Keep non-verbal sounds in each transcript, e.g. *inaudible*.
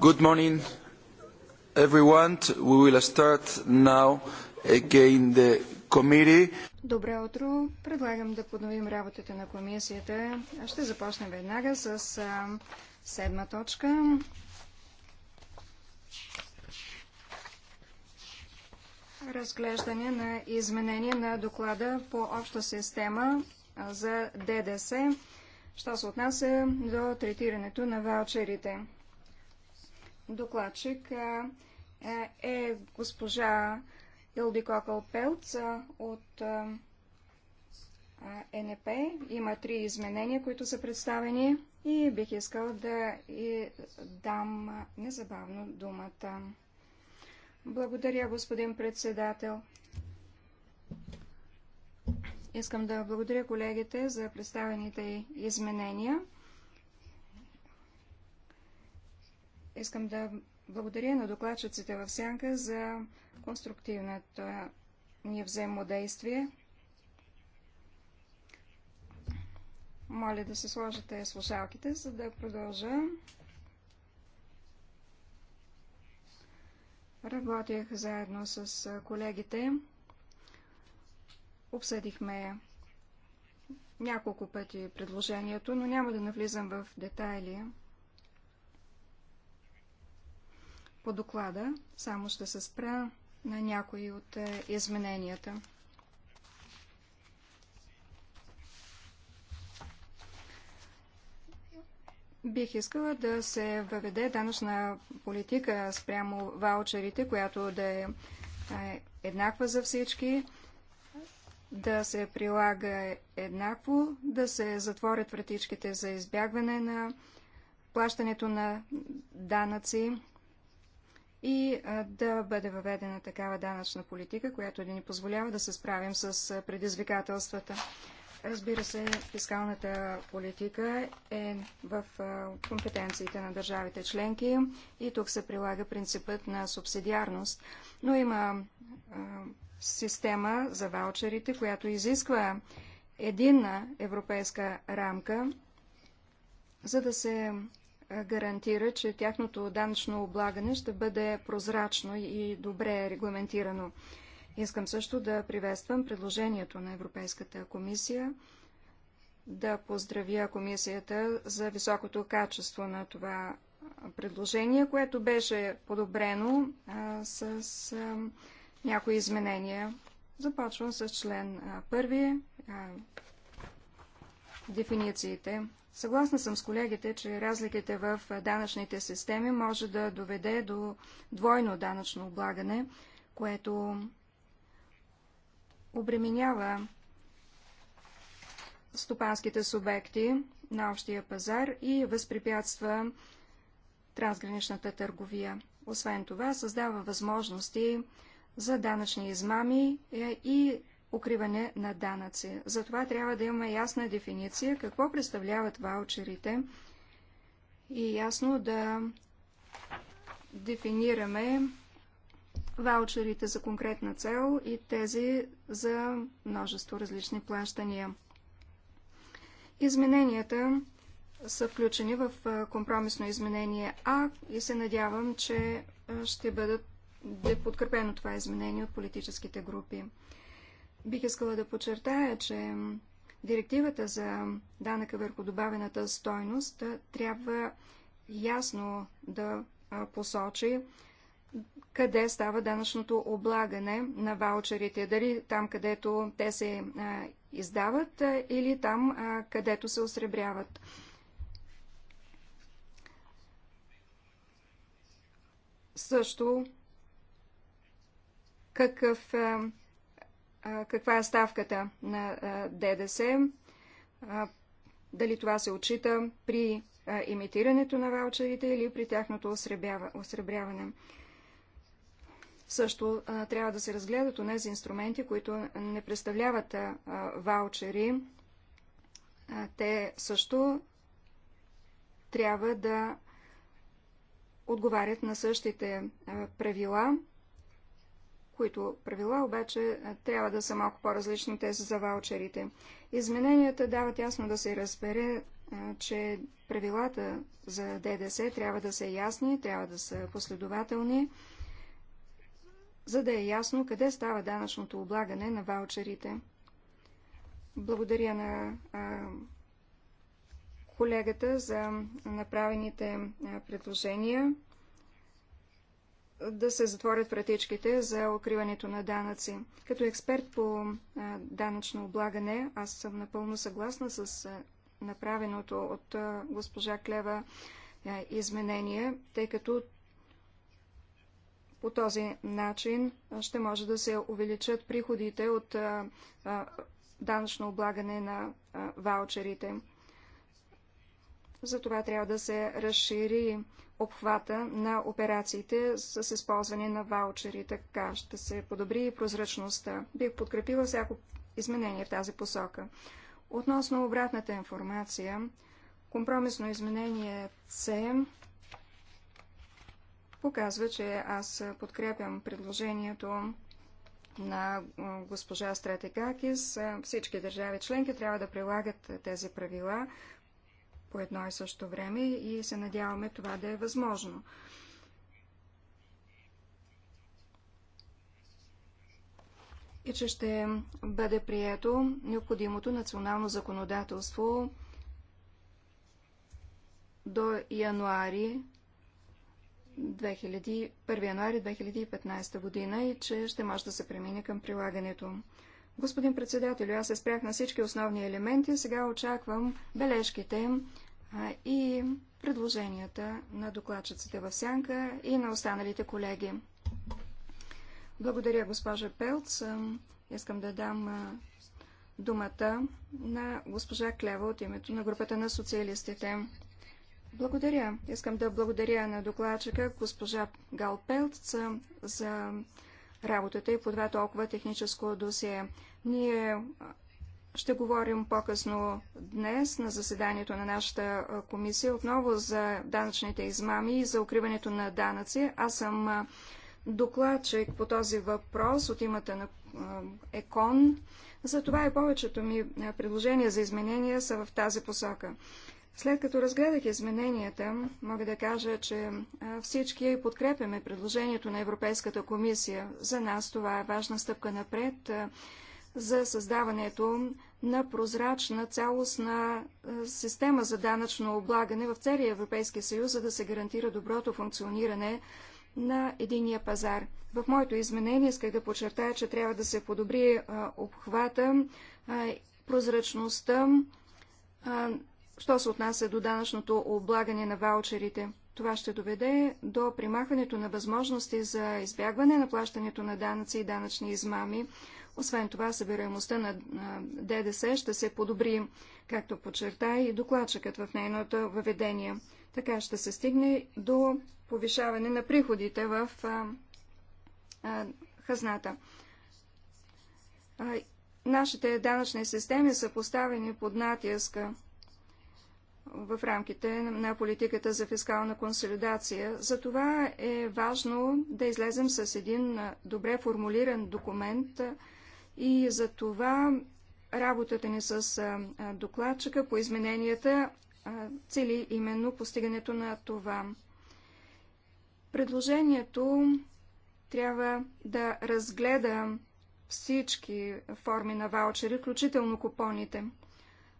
Good morning, everyone. We will start now again the committee. Добре утро. Предлагам да подновим работата на комисията. Ще започнем веднага с седма точка. Разглеждане на изменение на доклада по обща система за ДДС, що се отнася до третирането на ваучерите. Докладчик е госпожа Кокъл-Пелц от НП. Е. Има три изменения, които са представени и бих искал да и дам незабавно думата. Благодаря, господин председател. Искам да благодаря колегите за представените изменения. Искам да благодаря на докладчиците в Сянка за конструктивната ни взаимодействие. Моля да се сложите слушалките, за да продължа. Работех заедно с колегите. Обсъдихме няколко пъти предложението, но няма да навлизам в детайли. по доклада. Само ще се спра на някои от е, измененията. Бих искала да се въведе данъчна политика спрямо ваучерите, която да е еднаква за всички, да се прилага еднакво, да се затворят вратичките за избягване на плащането на данъци, и да бъде въведена такава данъчна политика, която да ни позволява да се справим с предизвикателствата. Разбира се, фискалната политика е в компетенциите на държавите членки и тук се прилага принципът на субсидиарност. Но има система за ваучерите, която изисква единна европейска рамка, за да се гарантира, че тяхното данъчно облагане ще бъде прозрачно и добре регламентирано. Искам също да приветствам предложението на Европейската комисия да поздравя комисията за високото качество на това предложение, което беше подобрено а, с а, някои изменения. Започвам с член 1 първи, дефинициите. Съгласна съм с колегите, че разликите в данъчните системи може да доведе до двойно данъчно облагане, което обременява стопанските субекти на общия пазар и възпрепятства трансграничната търговия. Освен това, създава възможности за данъчни измами е, и укриване на данъци. Затова трябва да имаме ясна дефиниция какво представляват ваучерите и ясно да дефинираме ваучерите за конкретна цел и тези за множество различни плащания. Измененията са включени в компромисно изменение А и се надявам, че ще бъдат е подкрепено това изменение от политическите групи. Бих искала да подчертая, че директивата за данъка върху добавената стойност трябва ясно да посочи къде става данъчното облагане на ваучерите. Дали там, където те се издават или там, където се осребряват. Също какъв каква е ставката на ДДС, дали това се отчита при имитирането на ваучерите или при тяхното осребряване. Също трябва да се разгледат онези инструменти, които не представляват ваучери. Те също трябва да отговарят на същите правила, които правила обаче е, трябва да са малко по-различни тези за ваучерите. Измененията дават ясно да се разбере, е, че правилата за ДДС трябва да са ясни, трябва да са последователни, за да е ясно къде става данъчното облагане на ваучерите. Благодаря на е, колегата за направените предложения да се затворят вратичките за укриването на данъци. Като експерт по данъчно облагане, аз съм напълно съгласна с направеното от госпожа Клева изменение, тъй като по този начин ще може да се увеличат приходите от данъчно облагане на ваучерите. Затова трябва да се разшири обхвата на операциите с използване на ваучери. Така ще се подобри и прозрачността. Бих подкрепила всяко изменение в тази посока. Относно обратната информация, компромисно изменение С показва, че аз подкрепям предложението на госпожа Стратегакис. Всички държави членки трябва да прилагат тези правила по едно и също време и се надяваме това да е възможно. И че ще бъде прието необходимото национално законодателство до януари 2000, 1 януари 2015 година и че ще може да се премине към прилагането. Господин председател, аз се спрях на всички основни елементи. Сега очаквам бележките и предложенията на докладчиците в сянка и на останалите колеги. Благодаря, госпожа Пелц. Искам да дам думата на госпожа Клева от името на групата на социалистите. Благодаря. Искам да благодаря на докладчика госпожа Гал Пелц за работата и по два толкова техническо досие. Ние ще говорим по-късно днес на заседанието на нашата комисия отново за данъчните измами и за укриването на данъци. Аз съм докладчик по този въпрос от имата на ЕКОН. Затова и повечето ми предложения за изменения са в тази посока. След като разгледах измененията, мога да кажа, че всички подкрепяме предложението на Европейската комисия. За нас това е важна стъпка напред за създаването на прозрачна цялостна е, система за данъчно облагане в целия Европейски съюз, за да се гарантира доброто функциониране на единия пазар. В моето изменение исках да подчертая, че трябва да се подобри е, обхвата, е, прозрачността, що се отнася до данъчното облагане на ваучерите. Това ще доведе до примахването на възможности за избягване на плащането на данъци и данъчни измами, освен това, събираемостта на ДДС ще се подобри, както подчерта и докладчикът в нейното въведение. Така ще се стигне до повишаване на приходите в хазната. нашите данъчни системи са поставени под натиска в рамките на политиката за фискална консолидация. Затова е важно да излезем с един добре формулиран документ – и за това работата ни с докладчика по измененията цели именно постигането на това. Предложението трябва да разгледа всички форми на ваучери, включително купоните.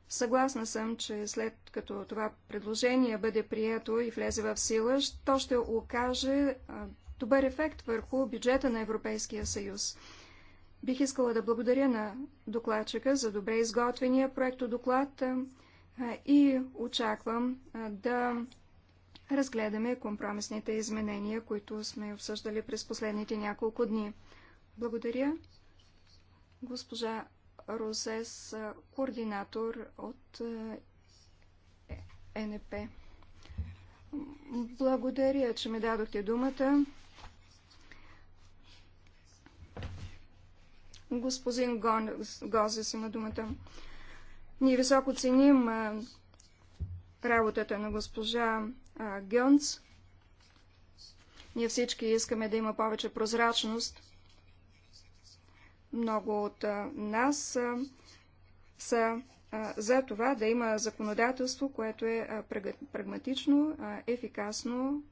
Съгласна съм, че след като това предложение бъде прието и влезе в сила, то ще окаже добър ефект върху бюджета на Европейския съюз. Бих искала да благодаря на докладчика за добре изготвения проектодоклад и очаквам да разгледаме компромисните изменения, които сме обсъждали през последните няколко дни. Благодаря. Госпожа Розес, координатор от ЕНП. Е благодаря, че ми дадохте думата. Господин Гозес има думата. Ние високо ценим работата на госпожа Гьонц. Ние всички искаме да има повече прозрачност. Много от нас са за това да има законодателство, което е прагматично, ефикасно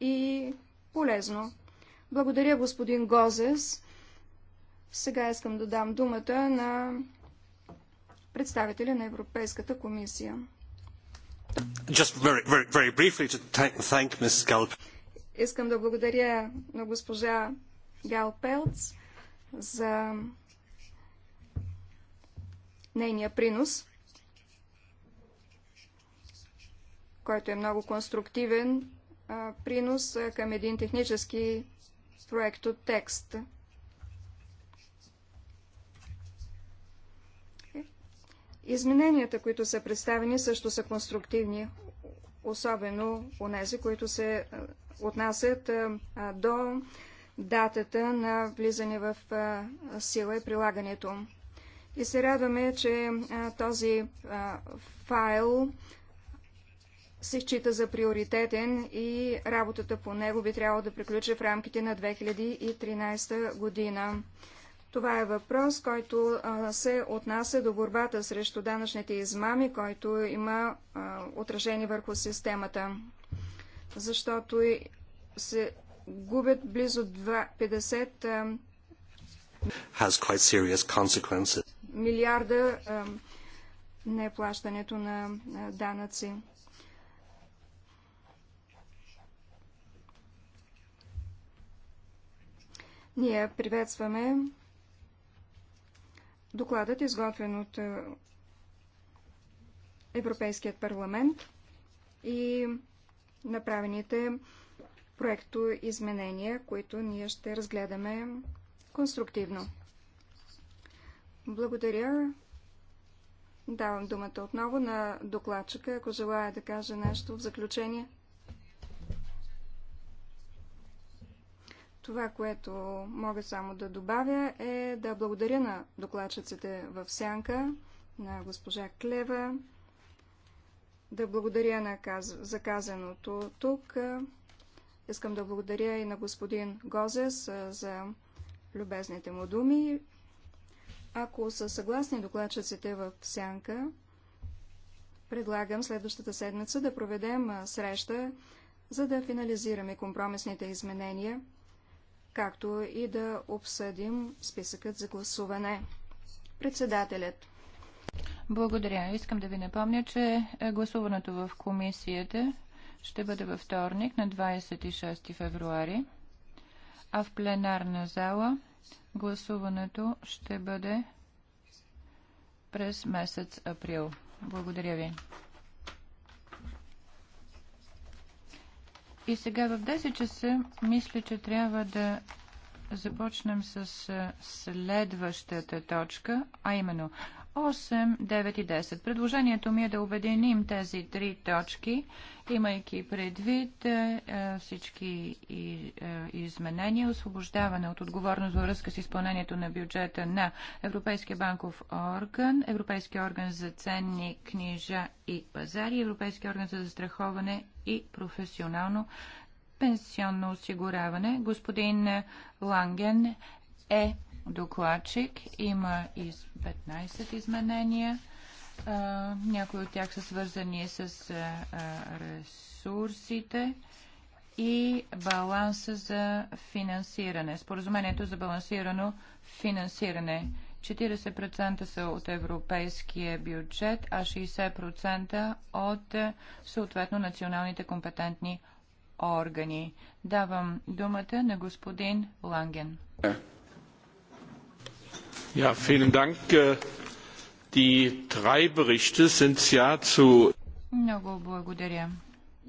и полезно. Благодаря, господин Гозес. Сега искам да дам думата на представителя на Европейската комисия. Very, very, very thank, искам да благодаря на госпожа Гал Пелц за нейния принос, който е много конструктивен принос към един технически проект от текст. Измененията, които са представени, също са конструктивни, особено у нези, които се отнасят до датата на влизане в сила и прилагането. И се радваме, че този файл се счита за приоритетен и работата по него би трябвало да приключи в рамките на 2013 година. Това е въпрос, който се отнася до борбата срещу данъчните измами, който има отражение върху системата. Защото се губят близо 50 милиарда неплащането на данъци. Ние приветстваме Докладът е изготвен от е, Европейският парламент и направените проекто изменения, които ние ще разгледаме конструктивно. Благодаря. Давам думата отново на докладчика, ако желая да каже нещо в заключение. Това, което мога само да добавя е да благодаря на докладчиците в Сянка, на госпожа Клева, да благодаря на каз... за казаното тук. Искам да благодаря и на господин Гозес за любезните му думи. Ако са съгласни докладчиците в Сянка, предлагам следващата седмица да проведем среща, за да финализираме компромисните изменения – както и да обсъдим списъкът за гласуване. Председателят. Благодаря. Искам да ви напомня, че е, гласуването в комисията ще бъде във вторник на 26 февруари, а в пленарна зала гласуването ще бъде през месец април. Благодаря ви. И сега в 10 часа мисля, че трябва да започнем с следващата точка, а именно 8, 9 и 10. Предложението ми е да обединим тези три точки, имайки предвид е, е, всички и, е, изменения, освобождаване от отговорност във връзка с изпълнението на бюджета на Европейския банков орган, Европейския орган за ценни книжа и пазари, Европейския орган за застраховане и професионално пенсионно осигуряване. Господин Ланген е докладчик. Има и 15 изменения. Някои от тях са свързани с ресурсите и баланса за финансиране. Споразумението за балансирано финансиране. 40% са от европейския бюджет, а 60% от съответно националните компетентни органи. Давам думата на господин Ланген. Е, Ja, vielen Dank. Äh, die drei Berichte sind ja zu. Много благодаря.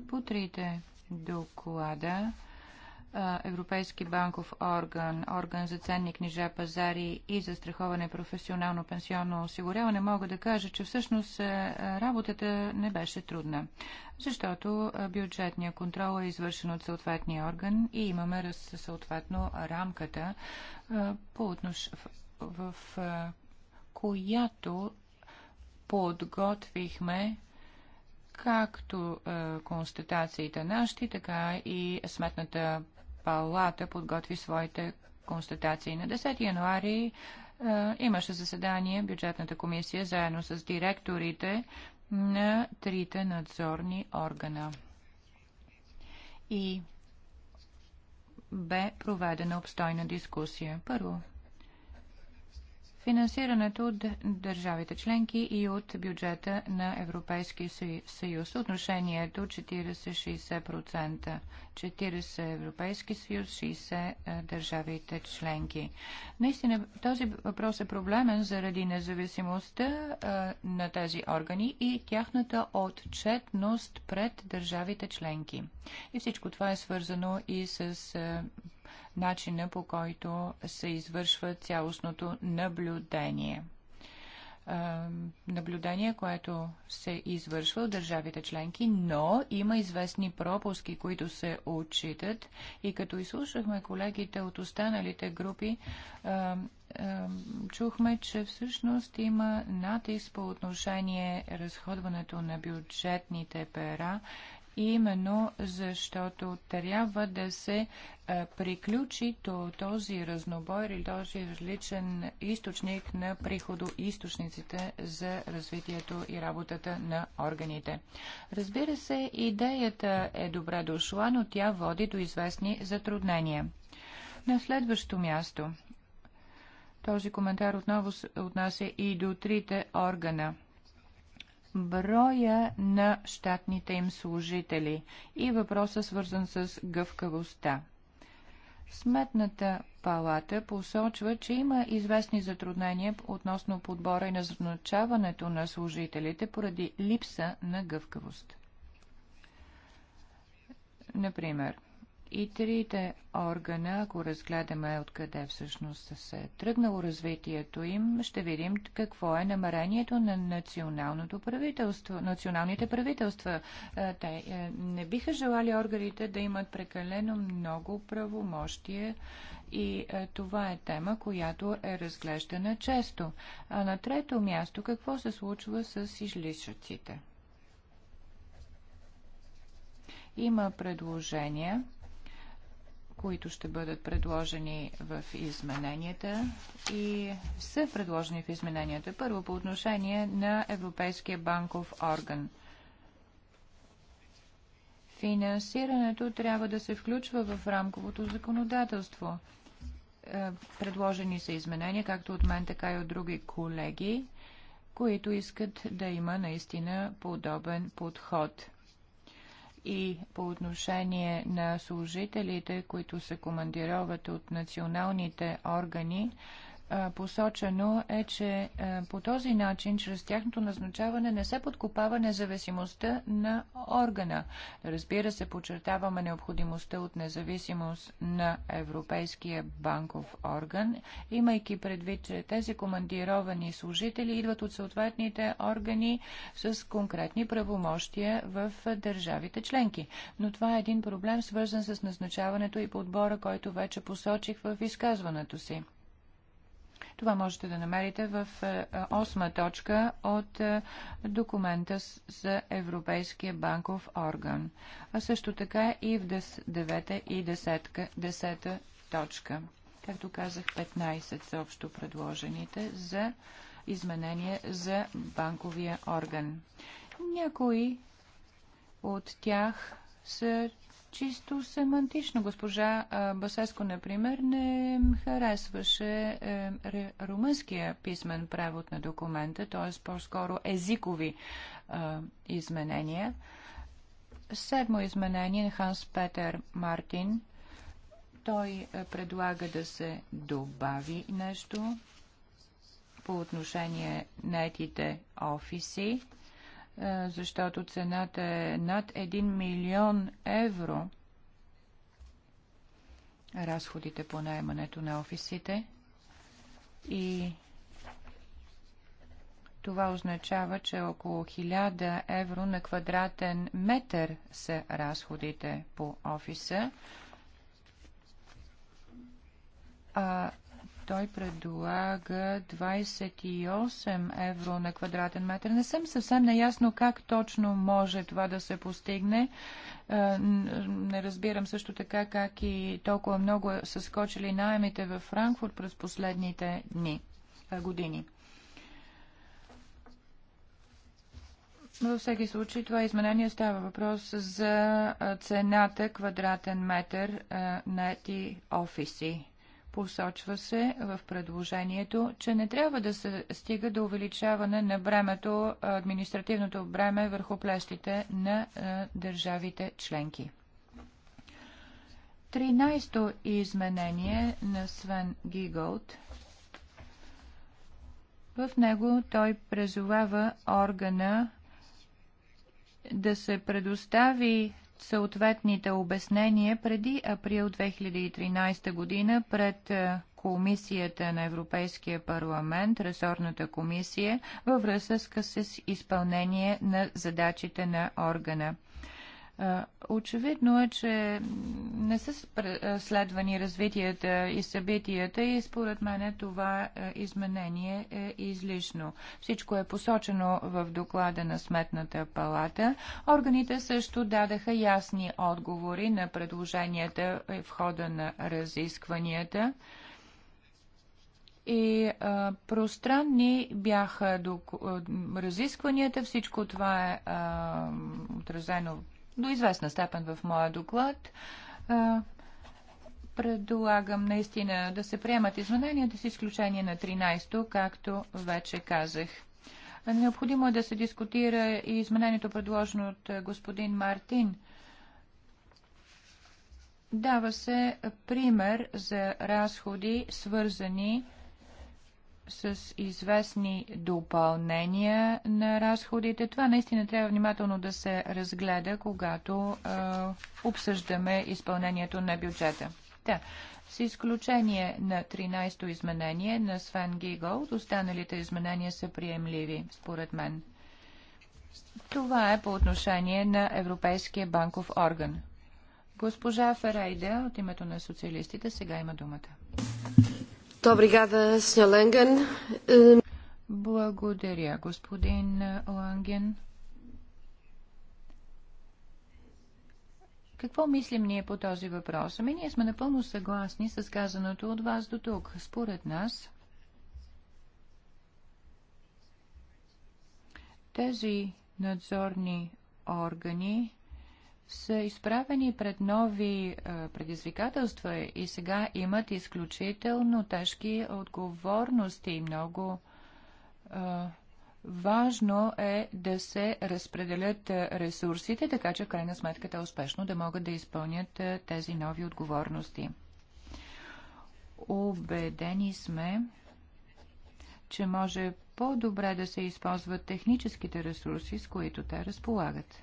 По трите доклада Европейски банков орган, орган за ценни книжа, пазари и за страховане професионално пенсионно осигуряване, мога да кажа, че всъщност работата не беше трудна, защото бюджетният контрол е извършен от съответния орган и имаме съответно рамката по отнош в която подготвихме както констатациите нашите, така и Сметната палата подготви своите констатации. На 10 януари имаше заседание бюджетната комисия заедно с директорите на трите надзорни органа. И бе проведена обстойна дискусия. Първо, финансирането от държавите членки и от бюджета на Европейския съюз. Отношението 40-60%. 40 Европейски съюз, 60 е, държавите членки. Наистина този въпрос е проблемен заради независимостта е, на тези органи и тяхната отчетност пред държавите членки. И всичко това е свързано и с е, начина по който се извършва цялостното наблюдение. Наблюдение, което се извършва от държавите членки, но има известни пропуски, които се отчитат. И като изслушахме колегите от останалите групи, чухме, че всъщност има натиск по отношение разходването на бюджетните пера именно защото трябва да се приключи то, този разнобой или този различен източник на източниците за развитието и работата на органите. Разбира се, идеята е добре дошла, но тя води до известни затруднения. На следващо място. Този коментар отново отнася и до трите органа – броя на щатните им служители и въпроса свързан с гъвкавостта. Сметната палата посочва, че има известни затруднения относно подбора и назначаването на служителите поради липса на гъвкавост. Например, и трите органа, ако разгледаме откъде всъщност се е тръгнало развитието им, ще видим какво е намерението на националното правителство, националните правителства. Е, те е, не биха желали органите да имат прекалено много правомощие и е, това е тема, която е разглеждана често. А на трето място, какво се случва с излишъците? Има предложения които ще бъдат предложени в измененията и са предложени в измененията. Първо по отношение на Европейския банков орган. Финансирането трябва да се включва в рамковото законодателство. Е, предложени са изменения, както от мен, така и от други колеги, които искат да има наистина подобен подход – и по отношение на служителите, които се командироват от националните органи, посочено е, че по този начин, чрез тяхното назначаване, не се подкопава независимостта на органа. Разбира се, подчертаваме необходимостта от независимост на Европейския банков орган, имайки предвид, че тези командировани служители идват от съответните органи с конкретни правомощия в държавите членки. Но това е един проблем, свързан с назначаването и подбора, който вече посочих в изказването си. Това можете да намерите в е, е, осма точка от е, документа за Европейския банков орган. А също така и в девета и десетка, десета точка. Както казах, 15 са общо предложените за изменение за банковия орган. Някои от тях са чисто семантично. Госпожа Басеско, например, не харесваше е, румънския писмен превод на документа, т.е. по-скоро езикови изменения. Седмо изменение на Ханс Петер Мартин. Той е, предлага да се добави нещо по отношение на етите офиси е, защото цената е над 1 милион евро. Разходите по найемането на офисите и това означава, че около 1000 евро на квадратен метър са разходите по офиса. А той предлага 28 евро на квадратен метър. Не съм съвсем наясно как точно може това да се постигне. Е, не разбирам също така как и толкова много са скочили найемите във Франкфурт през последните дни, е, години. Във всеки случай това изменение става въпрос за е, цената квадратен метър на ти офиси. Посочва се в предложението, че не трябва да се стига до увеличаване на бремето, административното бреме върху плещите на е, държавите членки. 13-то изменение на Свен Гиголд. В него той презовава органа да се предостави съответните обяснения преди април 2013 година пред е, Комисията на Европейския парламент, ресорната комисия, във връзка с изпълнение на задачите на органа. Очевидно е, че не са следвани развитията и събитията и според мен това изменение е излишно. Всичко е посочено в доклада на Сметната палата. Органите също дадаха ясни отговори на предложенията в хода на разискванията и а, пространни бяха до, а, разискванията. Всичко това е а, отразено до известна степен в моя доклад. Предлагам наистина да се приемат измененията с изключение на 13-то, както вече казах. Необходимо е да се дискутира и изменението предложено от господин Мартин. Дава се пример за разходи, свързани с с известни допълнения на разходите. Това наистина трябва внимателно да се разгледа, когато е, обсъждаме изпълнението на бюджета. Да. С изключение на 13-то изменение на Свен Гигол, останалите изменения са приемливи, според мен. Това е по отношение на Европейския банков орган. Госпожа Ферейда от името на социалистите сега има думата. Благодаря, господин Ланген. Какво мислим ние по този въпрос? Ами ние сме напълно съгласни с казаното от вас до тук. Според нас, тези надзорни органи са изправени пред нови предизвикателства и сега имат изключително тежки отговорности. Много важно е да се разпределят ресурсите, така че в крайна сметка те успешно да могат да изпълнят тези нови отговорности. Убедени сме, че може по-добре да се използват техническите ресурси, с които те разполагат.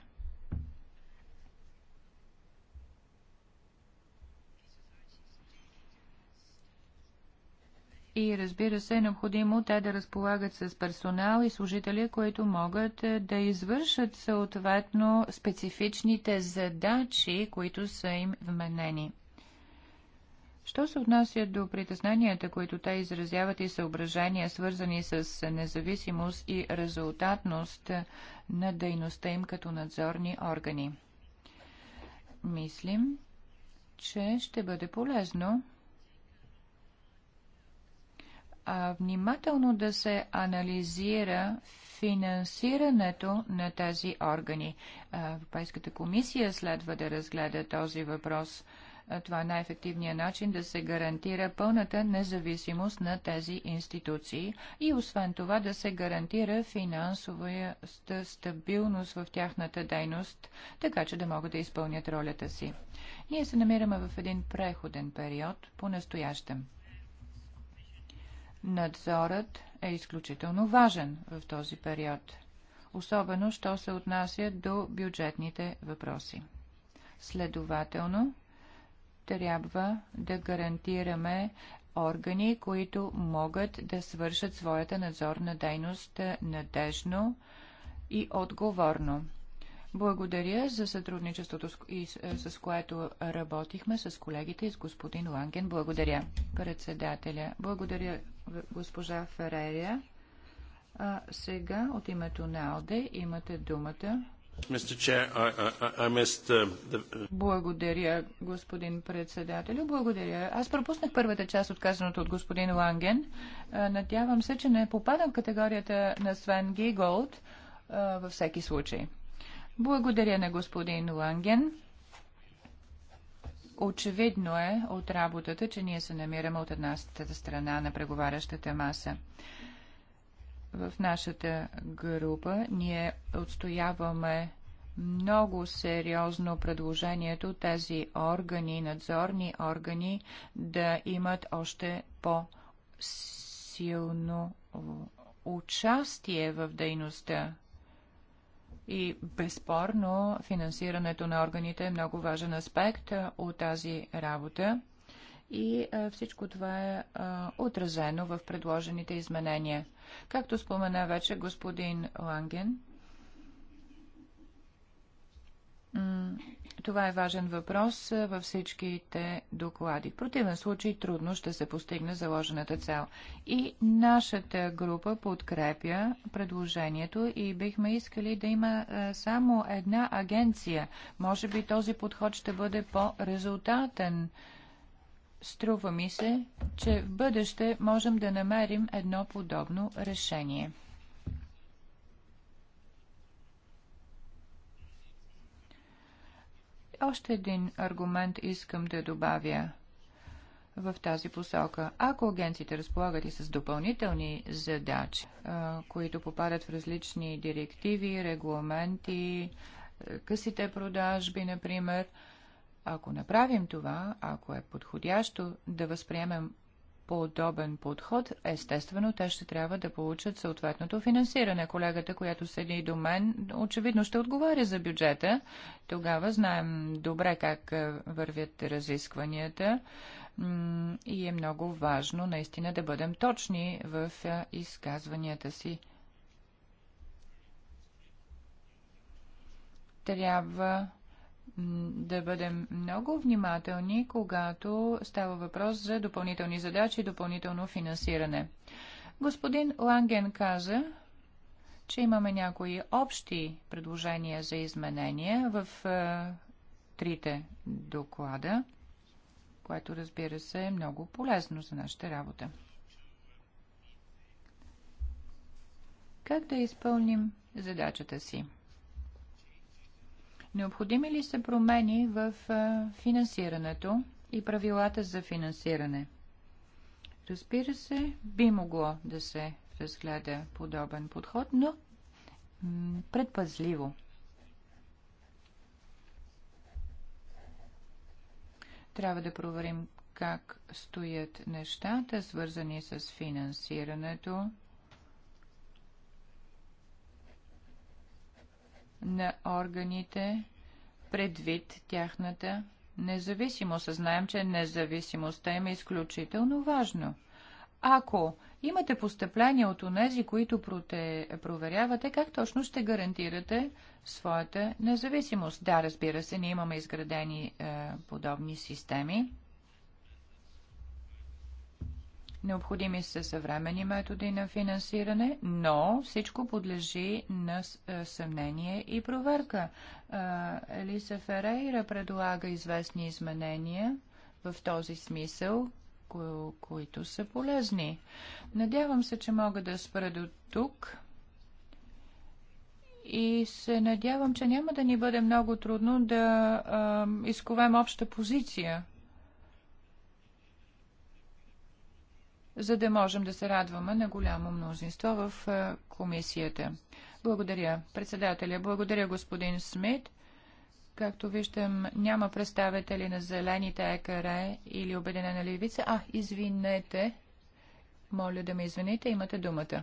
и разбира се е необходимо те да разполагат с персонал и служители, които могат е, да извършат съответно специфичните задачи, които са им вменени. Що се отнася до притесненията, които те изразяват и съображения, свързани с независимост и резултатност е, на дейността им като надзорни органи? Мислим, че ще бъде полезно а внимателно да се анализира финансирането на тези органи. Европейската комисия следва да разгледа този въпрос. Това е най-ефективният начин да се гарантира пълната независимост на тези институции и освен това да се гарантира финансовата стабилност в тяхната дейност, така че да могат да изпълнят ролята си. Ние се намираме в един преходен период по настоящем. Надзорът е изключително важен в този период, особено що се отнася до бюджетните въпроси. Следователно, трябва да гарантираме органи, които могат да свършат своята надзорна дейност е, надежно и отговорно. Благодаря за сътрудничеството, и с, е, с което работихме с колегите и с господин Ланген. Благодаря, председателя. Благодаря, госпожа Ферерия. А, сега от името на ОДЕ имате думата. Благодаря, господин председател. Благодаря. Аз пропуснах първата част от казаното от господин Ланген. Надявам се, че не попадам в категорията на Свен Гиголд във всеки случай. Благодаря на господин Ланген Очевидно е от работата, че ние се намираме от една страна на преговарящата маса. В нашата група ние отстояваме много сериозно предложението тези органи, надзорни органи, да имат още по-силно участие в дейността и безспорно финансирането на органите е много важен аспект от тази работа и всичко това е отразено в предложените изменения. Както спомена вече господин Ланген, това е важен въпрос във всичките доклади. В противен случай трудно ще се постигне заложената цел. И нашата група подкрепя предложението и бихме искали да има само една агенция. Може би този подход ще бъде по-резултатен. Струва ми се, че в бъдеще можем да намерим едно подобно решение. още един аргумент искам да добавя в тази посока. Ако агенциите разполагат и с допълнителни задачи, които попадат в различни директиви, регламенти, късите продажби, например, ако направим това, ако е подходящо да възприемем подобен подход, естествено те ще трябва да получат съответното финансиране. Колегата, която седи до мен, очевидно ще отговаря за бюджета. Тогава знаем добре как е, вървят разискванията и е много важно наистина да бъдем точни в е, изказванията си. Трябва да бъдем много внимателни, когато става въпрос за допълнителни задачи и допълнително финансиране. Господин Ланген каза, че имаме някои общи предложения за изменения в е, трите доклада, което разбира се е много полезно за нашата работа. Как да изпълним задачата си? Необходими ли са промени в финансирането и правилата за финансиране? Разбира се, би могло да се разгледа подобен подход, но предпазливо. Трябва да проверим как стоят нещата, свързани с финансирането на органите предвид тяхната независимост. Знаем, че независимостта им е изключително важно. Ако имате постъпления от онези, които проте, проверявате, как точно ще гарантирате своята независимост? Да, разбира се, ние имаме изградени е, подобни системи Необходими са съвремени методи на финансиране, но всичко подлежи на е, съмнение и проверка. Е, Елиса Ферейра предлага известни изменения в този смисъл, които са полезни. Надявам се, че мога да спра до тук и се надявам, че няма да ни бъде много трудно да а, изковем обща позиция за да можем да се радваме на голямо мнозинство в е, комисията. Благодаря, председателя. Благодаря, господин Смит. Както виждам, няма представители на зелените ЕКР или Обединена левица. А, извинете. Моля да ме извините, имате думата.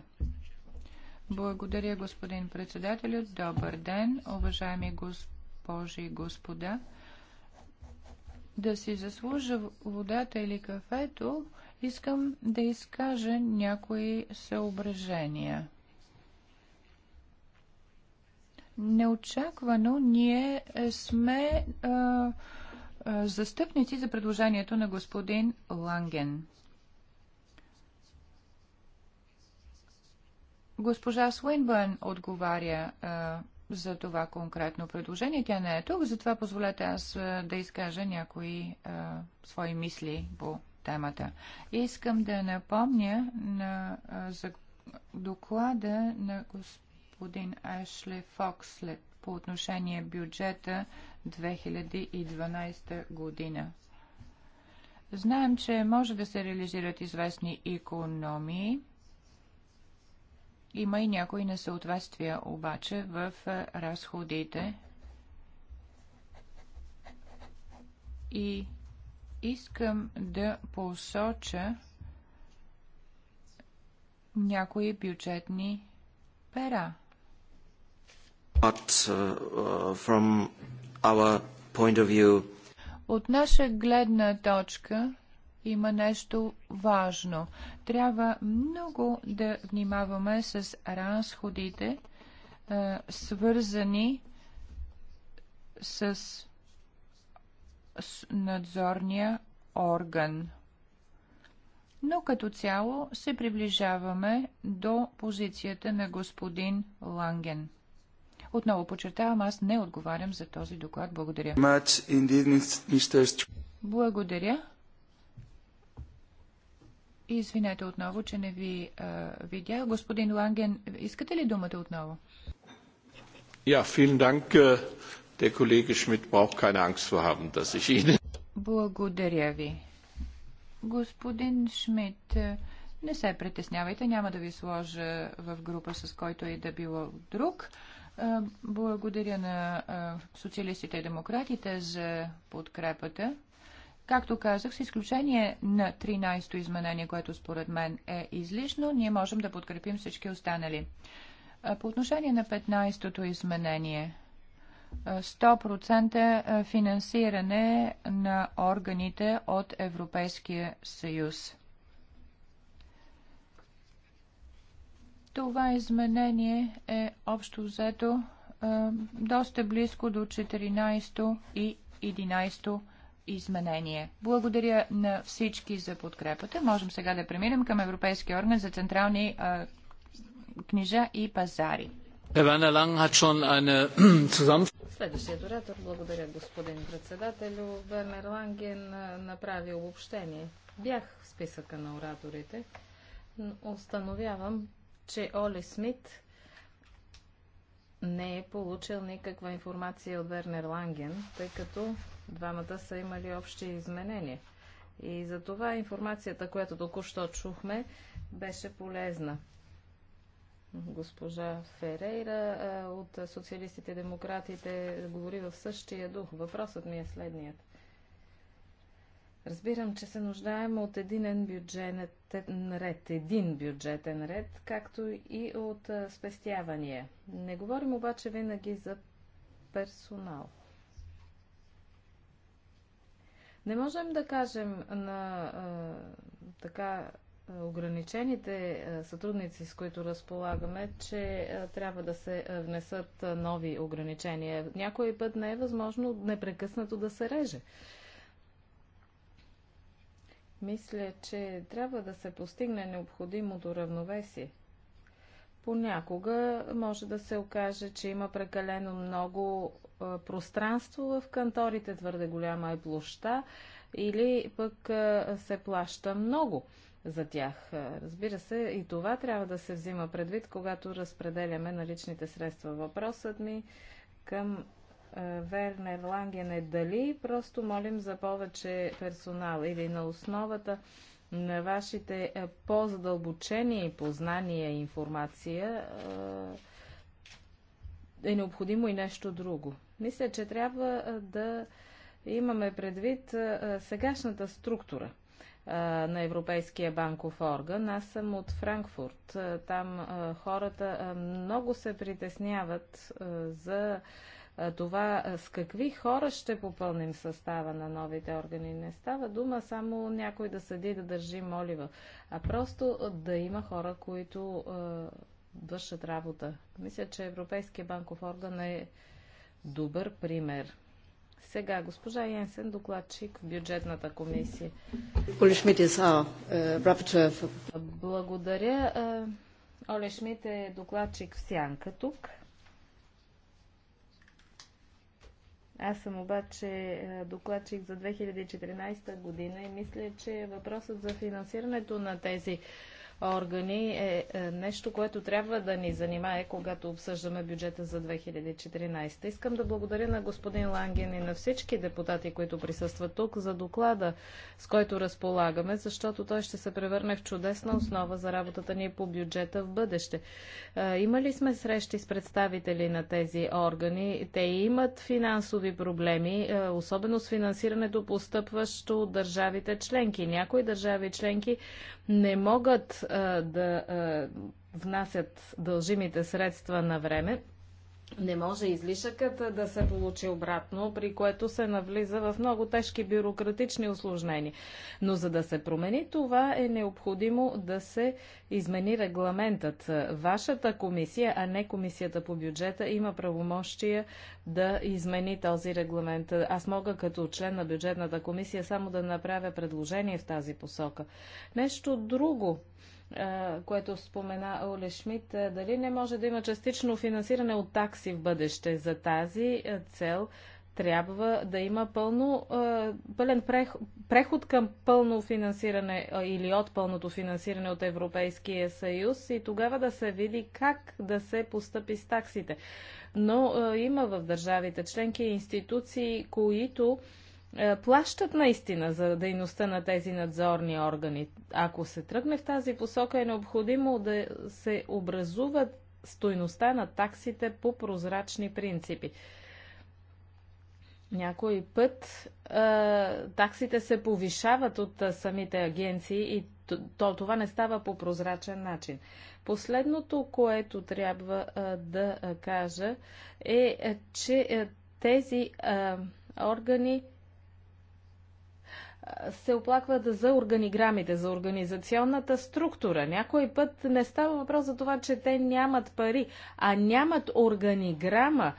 Благодаря, господин председателю. Добър ден, уважаеми госпожи и господа. Да си заслужа водата или кафето Искам да изкажа някои съображения. Неочаквано ние сме а, а, застъпници за предложението на господин Ланген. Госпожа Суинбън отговаря а, за това конкретно предложение. Тя не е тук, затова позволете аз а, да изкажа някои а, свои мисли по системата. Искам да напомня на, за доклада на господин Ашли Фокс по отношение бюджета 2012 година. Знаем, че може да се реализират известни економии. Има и някои несъответствия обаче в разходите и Искам да посоча някои бюджетни пера. But, uh, uh, from our point of view... От наша гледна точка има нещо важно. Трябва много да внимаваме с разходите, свързани с надзорния орган. Но като цяло се приближаваме до позицията на господин Ланген. Отново подчертавам, аз не отговарям за този доклад. Благодаря. Благодаря. Извинете отново, че не ви а, видя. Господин Ланген, искате ли думата отново? Ja, vielen Dank, äh, Der Kollege Schmidt braucht keine Angst vor haben, dass ich Благодаря ви. Господин Шмидт, не се притеснявайте, няма да ви сложа в група с който и да било друг. Е, благодаря на е, социалистите и демократите за подкрепата. Както казах, с изключение на 13-то изменение, което според мен е излишно, ние можем да подкрепим всички останали. Е, по отношение на 15-то изменение – 100% е, финансиране на органите от Европейския съюз. Това изменение е общо взето е, доста близко до 14 и 11 изменение. Благодаря на всички за подкрепата. Можем сега да преминем към Европейския орган за централни е, книжа и пазари. *clears throat* Следващият оратор, благодаря господин председател, Вернер Ланген направи обобщение. Бях в списъка на ораторите, но установявам, че Оли Смит не е получил никаква информация от Вернер Ланген, тъй като двамата са имали общи изменения. И за това информацията, която току-що чухме, беше полезна госпожа Ферейра от социалистите и демократите говори в същия дух. Въпросът ми е следният. Разбирам, че се нуждаем от единен бюджетен ред, един бюджетен ред, както и от спестявания. Не говорим обаче винаги за персонал. Не можем да кажем на а, така е, ограничените е, сътрудници, с които разполагаме, че е, трябва да се внесат нови ограничения. Някой път не е възможно непрекъснато да се реже. Мисля, че трябва да се постигне необходимото равновесие. Понякога може да се окаже, че има прекалено много пространство в канторите, твърде голяма е площа или пък се плаща много за тях. Е, разбира се, и това трябва да се взима предвид, когато разпределяме наличните средства. Въпросът ми към е, Вернер Ланген е дали просто молим за повече персонал или на основата на вашите е, по-задълбочени познания и информация е необходимо и нещо друго. Мисля, че трябва да имаме предвид сегашната структура – на Европейския банков орган. Аз съм от Франкфурт. Там хората много се притесняват за това с какви хора ще попълним състава на новите органи. Не става дума само някой да седи да държи молива, а просто да има хора, които вършат работа. Мисля, че Европейския банков орган е добър пример сега госпожа Йенсен, докладчик в бюджетната комисия. Е е, Благодаря. Е, Оле Шмидт е докладчик в Сянка тук. Аз съм обаче докладчик за 2014 година и мисля, че въпросът за финансирането на тези органи е, е нещо, което трябва да ни занимае, когато обсъждаме бюджета за 2014. Искам да благодаря на господин Ланген и на всички депутати, които присъстват тук, за доклада, с който разполагаме, защото той ще се превърне в чудесна основа за работата ни по бюджета в бъдеще. Е, имали сме срещи с представители на тези органи. Те имат финансови проблеми, е, особено с финансирането постъпващо от държавите членки. Някои държави членки не могат да внасят дължимите средства на време, не може излишъкът да се получи обратно, при което се навлиза в много тежки бюрократични осложнения. Но за да се промени това е необходимо да се измени регламентът. Вашата комисия, а не комисията по бюджета, има правомощия да измени този регламент. Аз мога като член на бюджетната комисия само да направя предложение в тази посока. Нещо друго което спомена Оле Шмидт, дали не може да има частично финансиране от такси в бъдеще за тази цел? Трябва да има пълно, пълен преход към пълно финансиране или от пълното финансиране от Европейския съюз и тогава да се види как да се постъпи с таксите. Но има в държавите членки институции, които е, плащат наистина за дейността на тези надзорни органи. Ако се тръгне в тази посока, е необходимо да се образуват стойността на таксите по прозрачни принципи. Някой път е, таксите се повишават от е, самите агенции и то, това не става по прозрачен начин. Последното, което трябва е, да е, кажа е, е, че е, тези е, органи се оплакват за органиграмите, за организационната структура. Някой път не става въпрос за това, че те нямат пари, а нямат органиграма,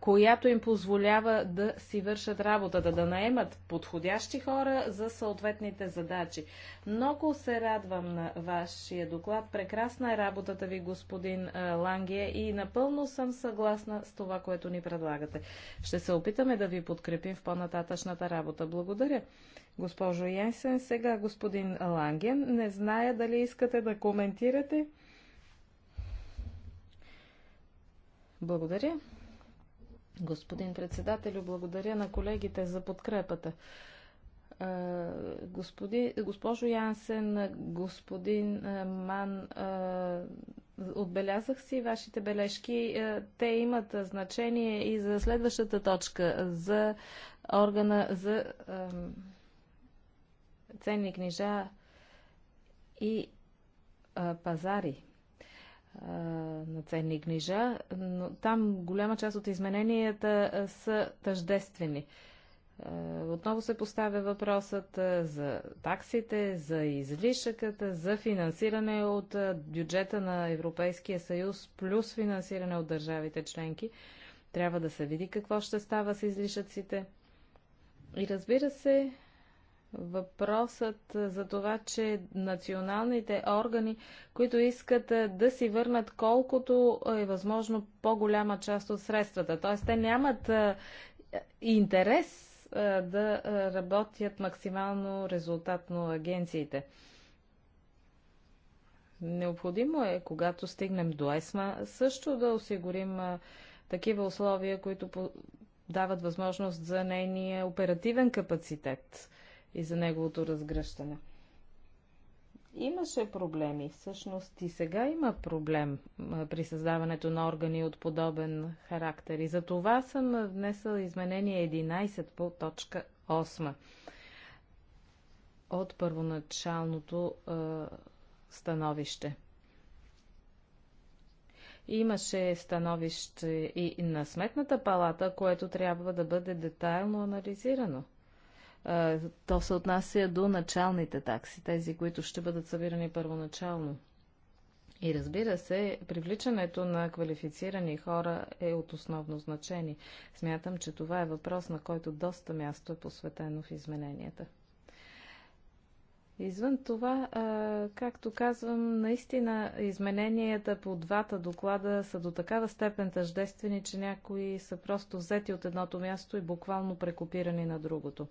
която им позволява да си вършат работата, да наемат подходящи хора за съответните задачи. Много се радвам на вашия доклад. Прекрасна е работата ви, господин Лангия, и напълно съм съгласна с това, което ни предлагате. Ще се опитаме да ви подкрепим в по-нататъчната работа. Благодаря. Госпожо Янсен, сега господин Ланген, не зная дали искате да коментирате. Благодаря. Господин председателю, благодаря на колегите за подкрепата. Господи, госпожо Янсен, господин Ман, отбелязах си вашите бележки. Те имат значение и за следващата точка, за органа за ценни книжа и а, пазари а, на ценни книжа, но там голяма част от измененията а, са тъждествени. Отново се поставя въпросът за таксите, за излишъката, за финансиране от бюджета на Европейския съюз, плюс финансиране от държавите членки. Трябва да се види какво ще става с излишъците. И разбира се, въпросът за това, че националните органи, които искат да си върнат колкото е възможно по-голяма част от средствата. Т.е. те нямат интерес да работят максимално резултатно агенциите. Необходимо е, когато стигнем до ЕСМА, също да осигурим такива условия, които дават възможност за нейния оперативен капацитет и за неговото разгръщане. Имаше проблеми, всъщност и сега има проблем при създаването на органи от подобен характер. И за това съм внесъл изменение 11 по точка 8 от първоначалното е, становище. Имаше становище и на Сметната палата, което трябва да бъде детайлно анализирано – то се отнася до началните такси, тези, които ще бъдат събирани първоначално. И разбира се, привличането на квалифицирани хора е от основно значение. Смятам, че това е въпрос, на който доста място е посветено в измененията. Извън това, както казвам, наистина измененията по двата доклада са до такава степен тъждествени, че някои са просто взети от едното място и буквално прекопирани на другото.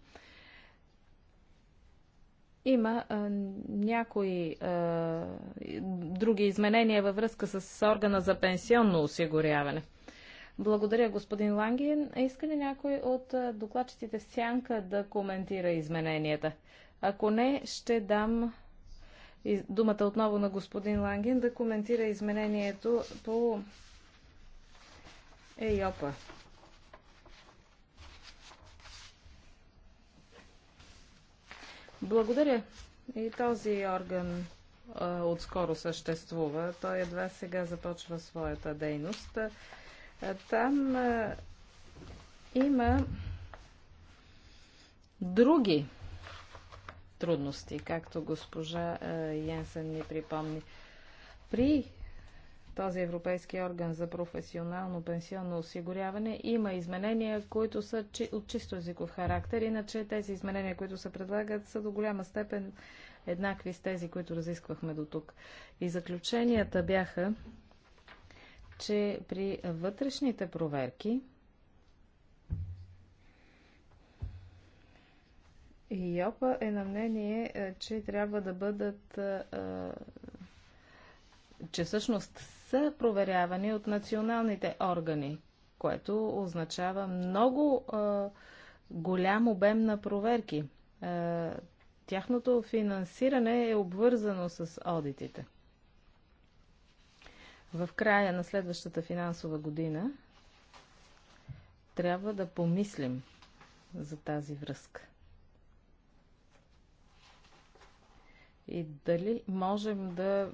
Има а, някои а, други изменения във връзка с органа за пенсионно осигуряване. Благодаря, господин Лангин. Иска ли някой от докладчиците в сянка да коментира измененията? Ако не, ще дам думата отново на господин Лангин да коментира изменението по ЕЙОПА. Благодаря. И този орган а, отскоро съществува. Той едва сега започва своята дейност. А, там а, има други трудности, както госпожа Йенсен ни припомни. При този Европейски орган за професионално пенсионно осигуряване има изменения, които са от чисто езиков характер, иначе тези изменения, които се предлагат, са до голяма степен еднакви с тези, които разисквахме до тук. И заключенията бяха, че при вътрешните проверки Йопа е на мнение, е, че трябва да бъдат е, е, че всъщност са проверявани от националните органи, което означава много а, голям обем на проверки. А, тяхното финансиране е обвързано с одитите. В края на следващата финансова година трябва да помислим за тази връзка. И дали можем да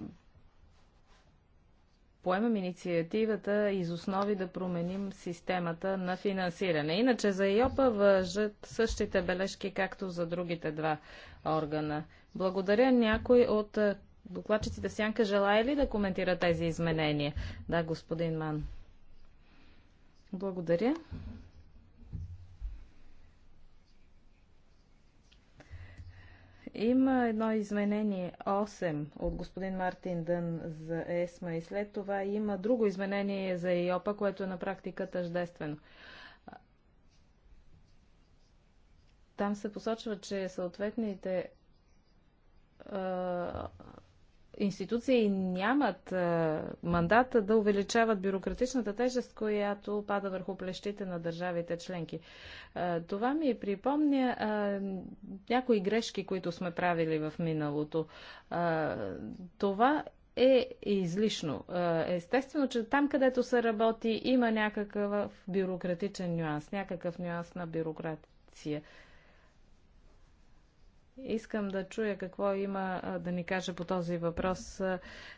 поемем инициативата из основи да променим системата на финансиране. Иначе за ИОПА въжат същите бележки, както за другите два органа. Благодаря някой от докладчиците Сянка. Желая ли да коментира тези изменения? Да, господин Ман. Благодаря. Има едно изменение 8 от господин Мартин Дън за ЕСМА и след това има друго изменение за ИОПА, което е на практика тъждествено. Там се посочва, че съответните институции нямат мандата да увеличават бюрократичната тежест, която пада върху плещите на държавите членки. това ми припомня някои грешки, които сме правили в миналото. Това е излишно. Естествено, че там, където се работи, има някакъв бюрократичен нюанс, някакъв нюанс на бюрокрация. Искам да чуя какво има да ни каже по този въпрос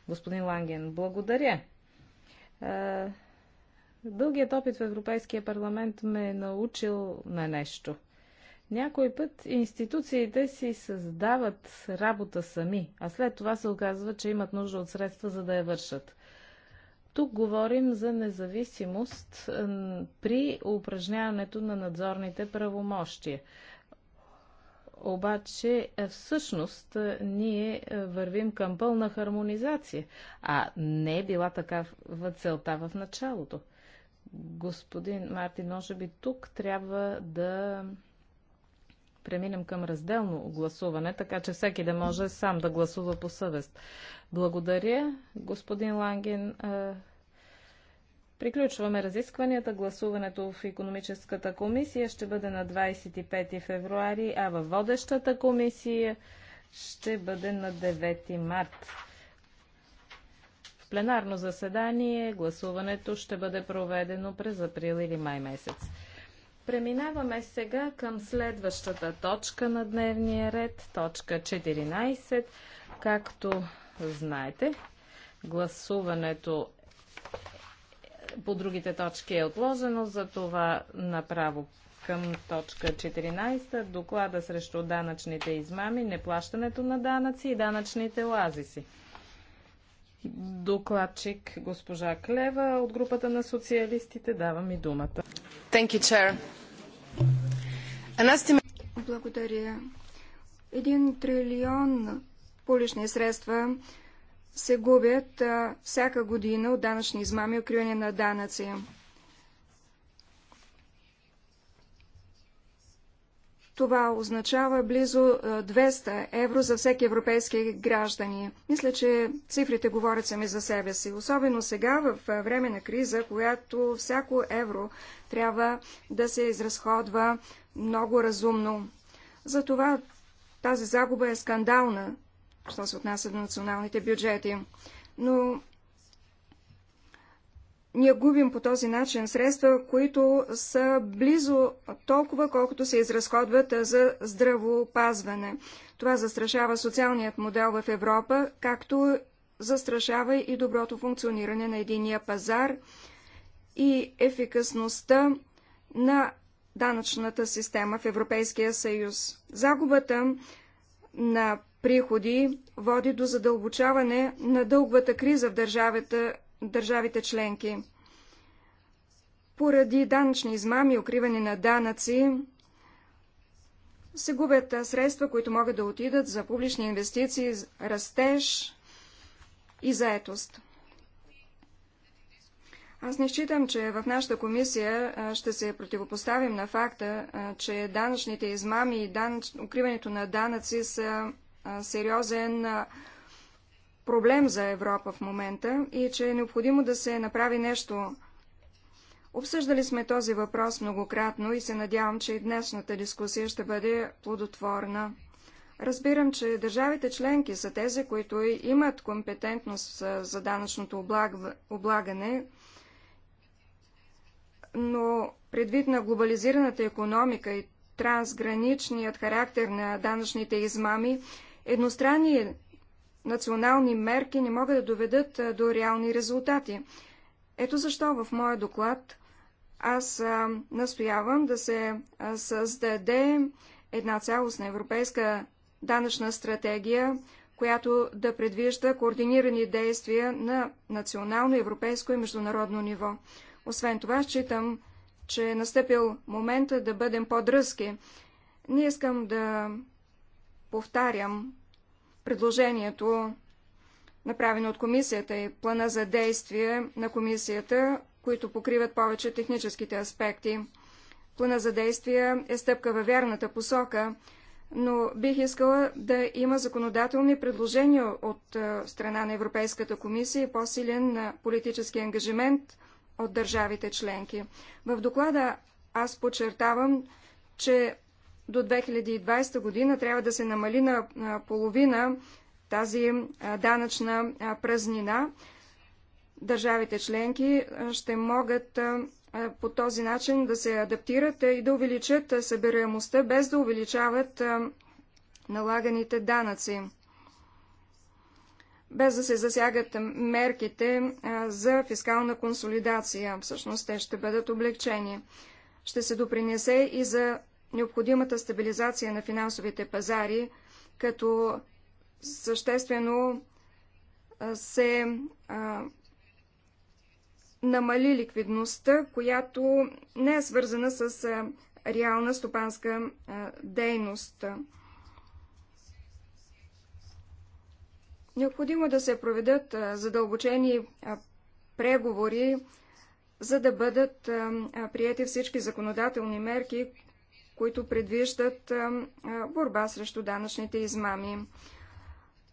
господин Ланген. Благодаря. Дългият опит в Европейския парламент ме е научил на нещо. Някой път институциите си създават работа сами, а след това се оказва, че имат нужда от средства, за да я вършат. Тук говорим за независимост при упражняването на надзорните правомощия обаче е, всъщност е, ние е, вървим към пълна хармонизация, а не е била така в целта в началото. Господин Мартин, може би тук трябва да преминем към разделно гласуване, така че всеки да може сам да гласува по съвест. Благодаря, господин Ланген. Приключваме разискванията. Гласуването в економическата комисия ще бъде на 25 февруари, а във водещата комисия ще бъде на 9 март. В пленарно заседание гласуването ще бъде проведено през април или май месец. Преминаваме сега към следващата точка на дневния ред, точка 14. Както знаете, гласуването по другите точки е отложено, за това направо към точка 14. Доклада срещу данъчните измами, неплащането на данъци и данъчните лазиси. Докладчик госпожа Клева от групата на социалистите. дава ми думата. You, Благодаря. Един трилион полични средства се губят а, всяка година от данъчни измами и укриване на данъци. Това означава близо 200 евро за всеки европейски граждани. Мисля, че цифрите говорят сами за себе си. Особено сега, в време на криза, която всяко евро трябва да се изразходва много разумно. Затова тази загуба е скандална що се отнася до националните бюджети. Но ние губим по този начин средства, които са близо толкова, колкото се изразходват за здравоопазване. Това застрашава социалният модел в Европа, както застрашава и доброто функциониране на единия пазар и ефикасността на данъчната система в Европейския съюз. Загубата на приходи води до задълбочаване на дълговата криза в държавата, държавите членки. Поради данъчни измами и укриване на данъци се губят средства, които могат да отидат за публични инвестиции, растеж и заетост. Аз не считам, че в нашата комисия ще се противопоставим на факта, че данъчните измами и данъч... укриването на данъци са сериозен проблем за Европа в момента и че е необходимо да се направи нещо. Обсъждали сме този въпрос многократно и се надявам, че и днешната дискусия ще бъде плодотворна. Разбирам, че държавите членки са тези, които имат компетентност за данъчното облагане, но предвид на глобализираната економика и трансграничният характер на данъчните измами, Едностранни национални мерки не могат да доведат до реални резултати. Ето защо в моя доклад аз настоявам да се създаде една цялостна европейска данъчна стратегия, която да предвижда координирани действия на национално, европейско и международно ниво. Освен това, считам, че е настъпил момента да бъдем по-дръзки. Не искам да повтарям предложението, направено от комисията и плана за действие на комисията, които покриват повече техническите аспекти. Плана за действие е стъпка във вярната посока, но бих искала да има законодателни предложения от е, страна на Европейската комисия и по-силен е, политически ангажимент от държавите членки. В доклада аз подчертавам, че до 2020 година трябва да се намали на половина тази данъчна празнина. Държавите членки ще могат по този начин да се адаптират и да увеличат събираемостта, без да увеличават налаганите данъци, без да се засягат мерките за фискална консолидация. Всъщност те ще бъдат облегчени. Ще се допринесе и за необходимата стабилизация на финансовите пазари, като съществено се намали ликвидността, която не е свързана с реална стопанска дейност. Необходимо е да се проведат задълбочени преговори, за да бъдат прияти всички законодателни мерки, които предвиждат борба срещу данъчните измами.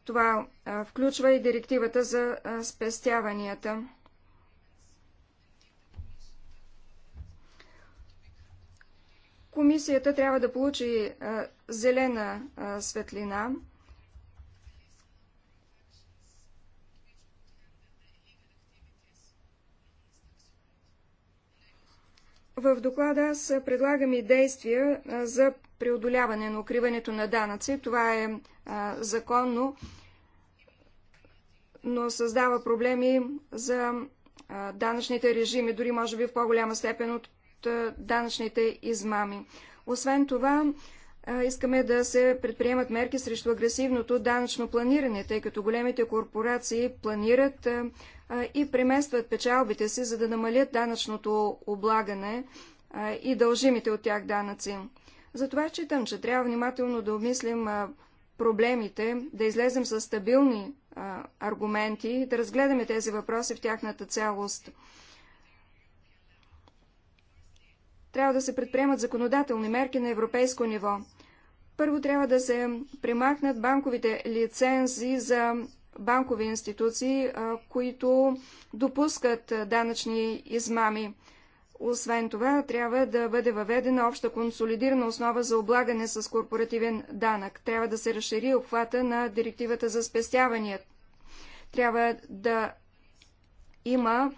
Това включва и директивата за спестяванията. Комисията трябва да получи зелена светлина В доклада аз предлагам и действия за преодоляване на укриването на данъци. Това е законно, но създава проблеми за данъчните режими, дори може би в по-голяма степен от данъчните измами. Освен това, искаме да се предприемат мерки срещу агресивното данъчно планиране, тъй като големите корпорации планират и преместват печалбите си, за да намалят данъчното облагане и дължимите от тях данъци. Затова считам, че трябва внимателно да обмислим проблемите, да излезем с стабилни аргументи, да разгледаме тези въпроси в тяхната цялост. Трябва да се предприемат законодателни мерки на европейско ниво. Първо трябва да се примахнат банковите лицензи за банкови институции, които допускат данъчни измами. Освен това, трябва да бъде въведена обща консолидирана основа за облагане с корпоративен данък. Трябва да се разшири обхвата на директивата за спестявания. Трябва да има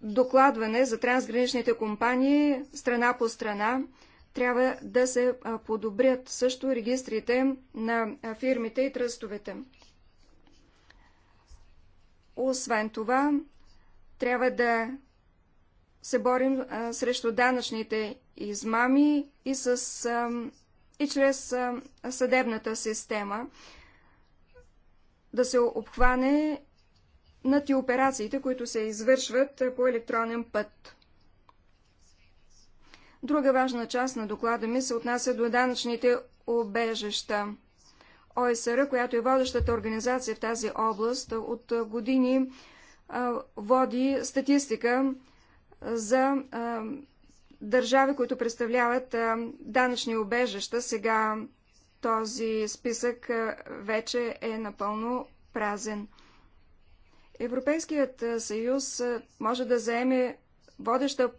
докладване за трансграничните компании страна по страна. Трябва да се подобрят също регистрите на фирмите и тръстовете. Освен това, трябва да се борим а, срещу данъчните измами и, с, а, и чрез а, съдебната система да се обхване на ти операциите, които се извършват по електронен път. Друга важна част на доклада ми се отнася до данъчните обежища. ОСР, която е водещата организация в тази област, от години води статистика за държави, които представляват данъчни обежища. Сега този списък вече е напълно празен. Европейският съюз може да заеме водеща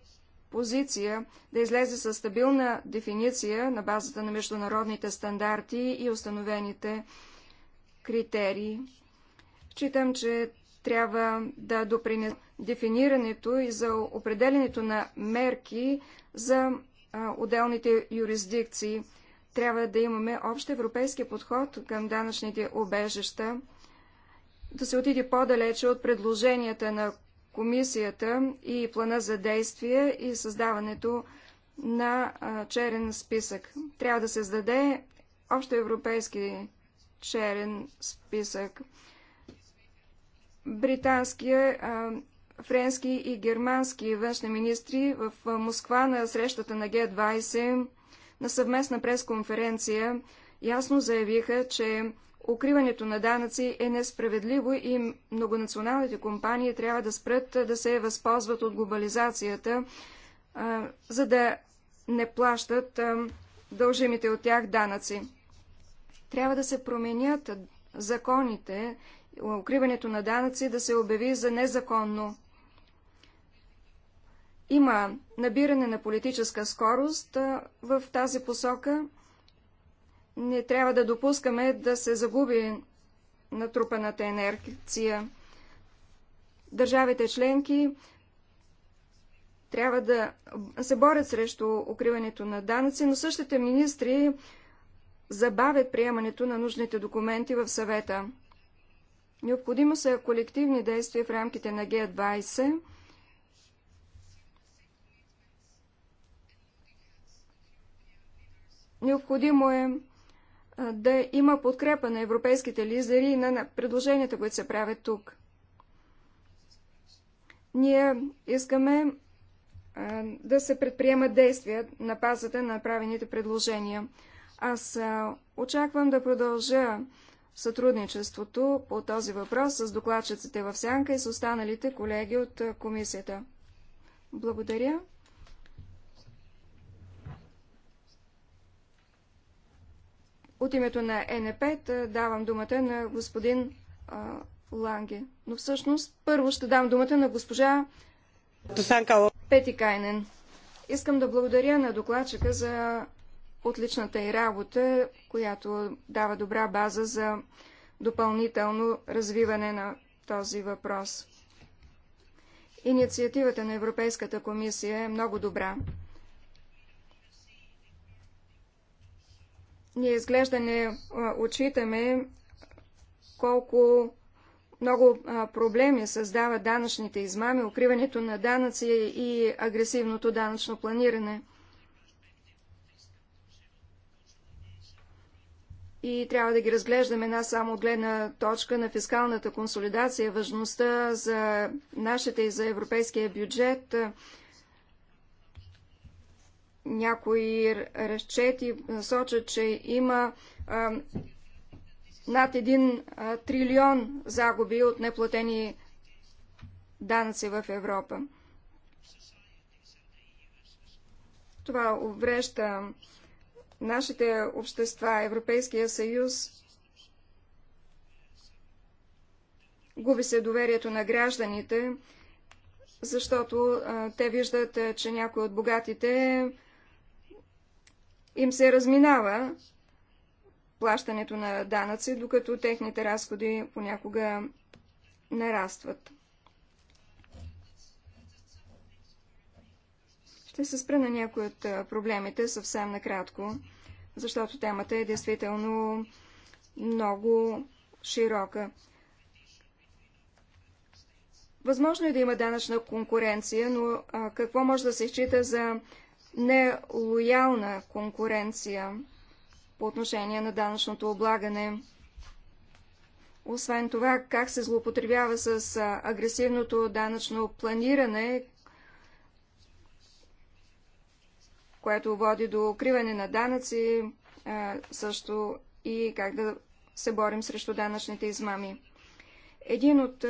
позиция да излезе със стабилна дефиниция на базата на международните стандарти и установените критерии. Читам, че трябва да допринесе дефинирането и за определенето на мерки за отделните юрисдикции. Трябва да имаме общ европейски подход към данъчните обежища, да се отиде по-далече от предложенията на комисията и плана за действие и създаването на черен списък. Трябва да се създаде общо европейски черен списък. Британския, френски и германски външни министри в Москва на срещата на Г-20 на съвместна пресконференция ясно заявиха, че укриването на данъци е несправедливо и многонационалните компании трябва да спрат да се възползват от глобализацията, за да не плащат дължимите от тях данъци. Трябва да се променят законите, укриването на данъци да се обяви за незаконно. Има набиране на политическа скорост в тази посока не трябва да допускаме да се загуби натрупаната енергия. Държавите членки трябва да се борят срещу укриването на данъци, но същите министри забавят приемането на нужните документи в съвета. Необходимо са колективни действия в рамките на Г-20. Необходимо е да има подкрепа на европейските лидери и на предложенията, които се правят тук. Ние искаме да се предприемат действия на базата на направените предложения. Аз очаквам да продължа сътрудничеството по този въпрос с докладчиците в Сянка и с останалите колеги от комисията. Благодаря. От името на ЕНП давам думата на господин а, Ланге. Но всъщност първо ще дам думата на госпожа Пети Кайнен. Искам да благодаря на докладчика за отличната и работа, която дава добра база за допълнително развиване на този въпрос. Инициативата на Европейската комисия е много добра. Ние изглежда не отчитаме колко много проблеми създават данъчните измами, укриването на данъци и агресивното данъчно планиране. И трябва да ги разглеждаме една само от гледна точка на фискалната консолидация, важността за нашите и за европейския бюджет, някои разчети сочат, че има а, над 1 а, трилион загуби от неплатени данъци в Европа. Това обреща нашите общества, Европейския съюз, губи се доверието на гражданите, защото а, те виждат, че някои от богатите им се разминава плащането на данъци, докато техните разходи понякога нарастват. Ще се спра на някои от проблемите съвсем накратко, защото темата е действително много широка. Възможно е да има данъчна конкуренция, но а, какво може да се счита за нелоялна конкуренция по отношение на данъчното облагане. Освен това, как се злоупотребява с агресивното данъчно планиране, което води до укриване на данъци, също и как да се борим срещу данъчните измами. Един от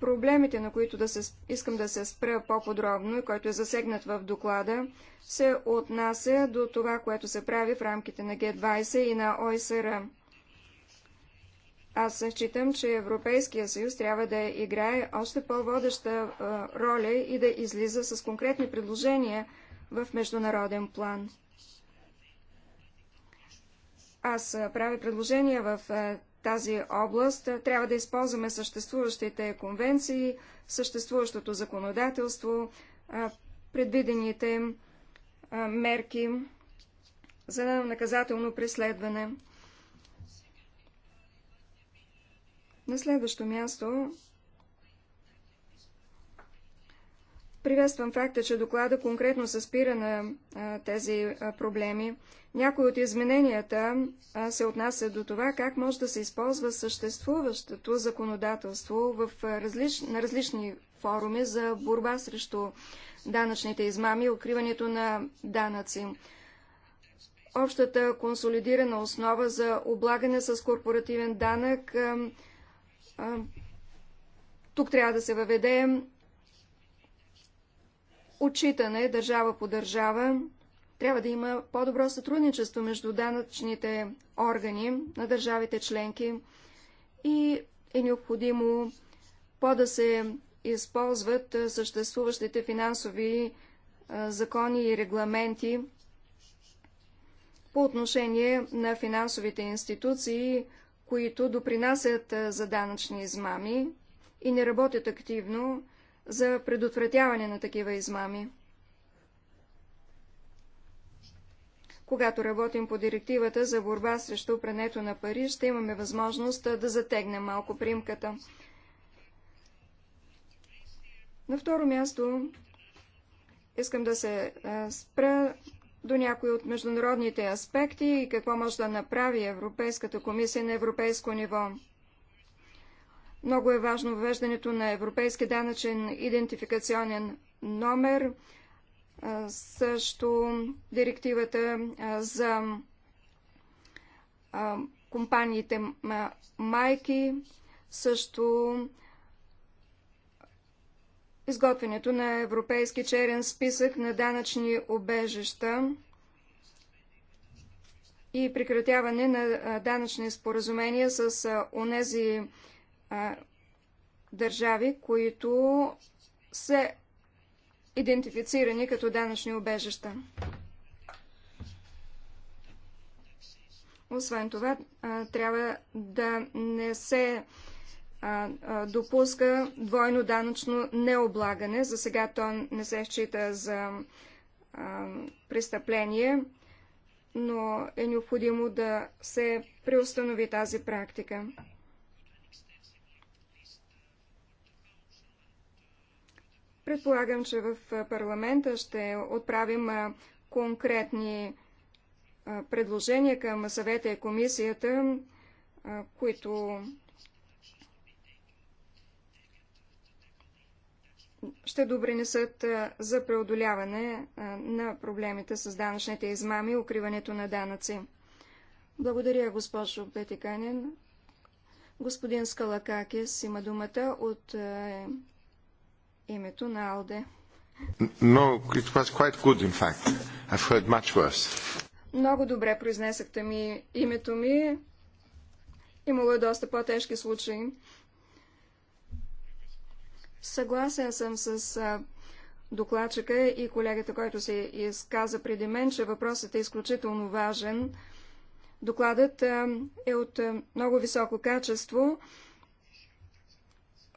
Проблемите, на които да се, искам да се спра по-подробно и който е засегнат в доклада, се отнася до това, което се прави в рамките на Г-20 и на ОСР. Аз считам, че Европейския съюз трябва да играе още по-водеща роля и да излиза с конкретни предложения в международен план. Аз правя предложения в тази област, е, трябва да използваме съществуващите конвенции, съществуващото законодателство, е, предвидените е, мерки за наказателно преследване. На следващо място Приветствам факта, че доклада конкретно се спира на а, тези а, проблеми. Някои от измененията а, се отнасят до това, как може да се използва съществуващото законодателство в различ... на различни форуми за борба срещу данъчните измами и укриването на данъци. Общата консолидирана основа за облагане с корпоративен данък. А, а, тук трябва да се въведе отчитане държава по държава. Трябва да има по-добро сътрудничество между данъчните органи на държавите членки и е необходимо по-да се използват съществуващите финансови закони и регламенти по отношение на финансовите институции, които допринасят за данъчни измами и не работят активно за предотвратяване на такива измами. Когато работим по директивата за борба срещу прането на пари, ще имаме възможност да затегнем малко примката. На второ място искам да се спра до някои от международните аспекти и какво може да направи Европейската комисия на европейско ниво. Много е важно въвеждането на европейски данъчен идентификационен номер, също директивата за компаниите майки, също изготвянето на европейски черен списък на данъчни обежища и прекратяване на данъчни споразумения с онези държави, които са идентифицирани като данъчни обежища. Освен това, трябва да не се допуска двойно данъчно необлагане. За сега то не се счита за престъпление, но е необходимо да се преустанови тази практика. Предполагам, че в парламента ще отправим конкретни предложения към съвета и комисията, които ще добринесат за преодоляване на проблемите с данъчните измами и укриването на данъци. Благодаря, госпожо Петиканен. Господин Скалакакис има думата от името на Алде. No, it was quite good, in fact. I've heard much worse. Много добре произнесахте ми името ми. Имало е доста по-тежки случаи. Съгласен съм с докладчика и колегата, който се изказа преди мен, че въпросът е изключително важен. Докладът е от много високо качество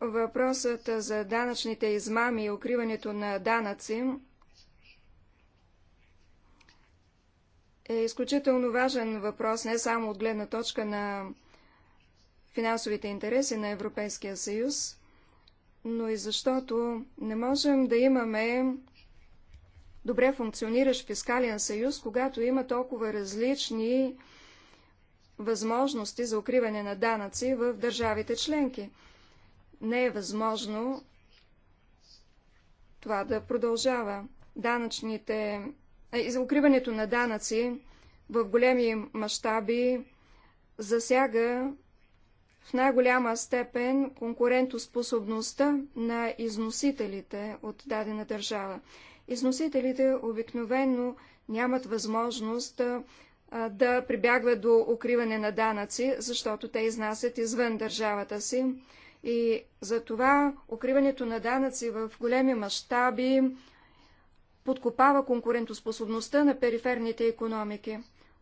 Въпросът за данъчните измами и укриването на данъци е изключително важен въпрос не само от гледна точка на финансовите интереси на Европейския съюз, но и защото не можем да имаме добре функциониращ фискален съюз, когато има толкова различни възможности за укриване на данъци в държавите членки не е възможно това да продължава. Данъчните... А, укриването на данъци в големи мащаби засяга в най-голяма степен конкурентоспособността на износителите от дадена държава. Износителите обикновено нямат възможност да прибягват до укриване на данъци, защото те изнасят извън държавата си. И за това укриването на данъци в големи мащаби подкопава конкурентоспособността на периферните економики.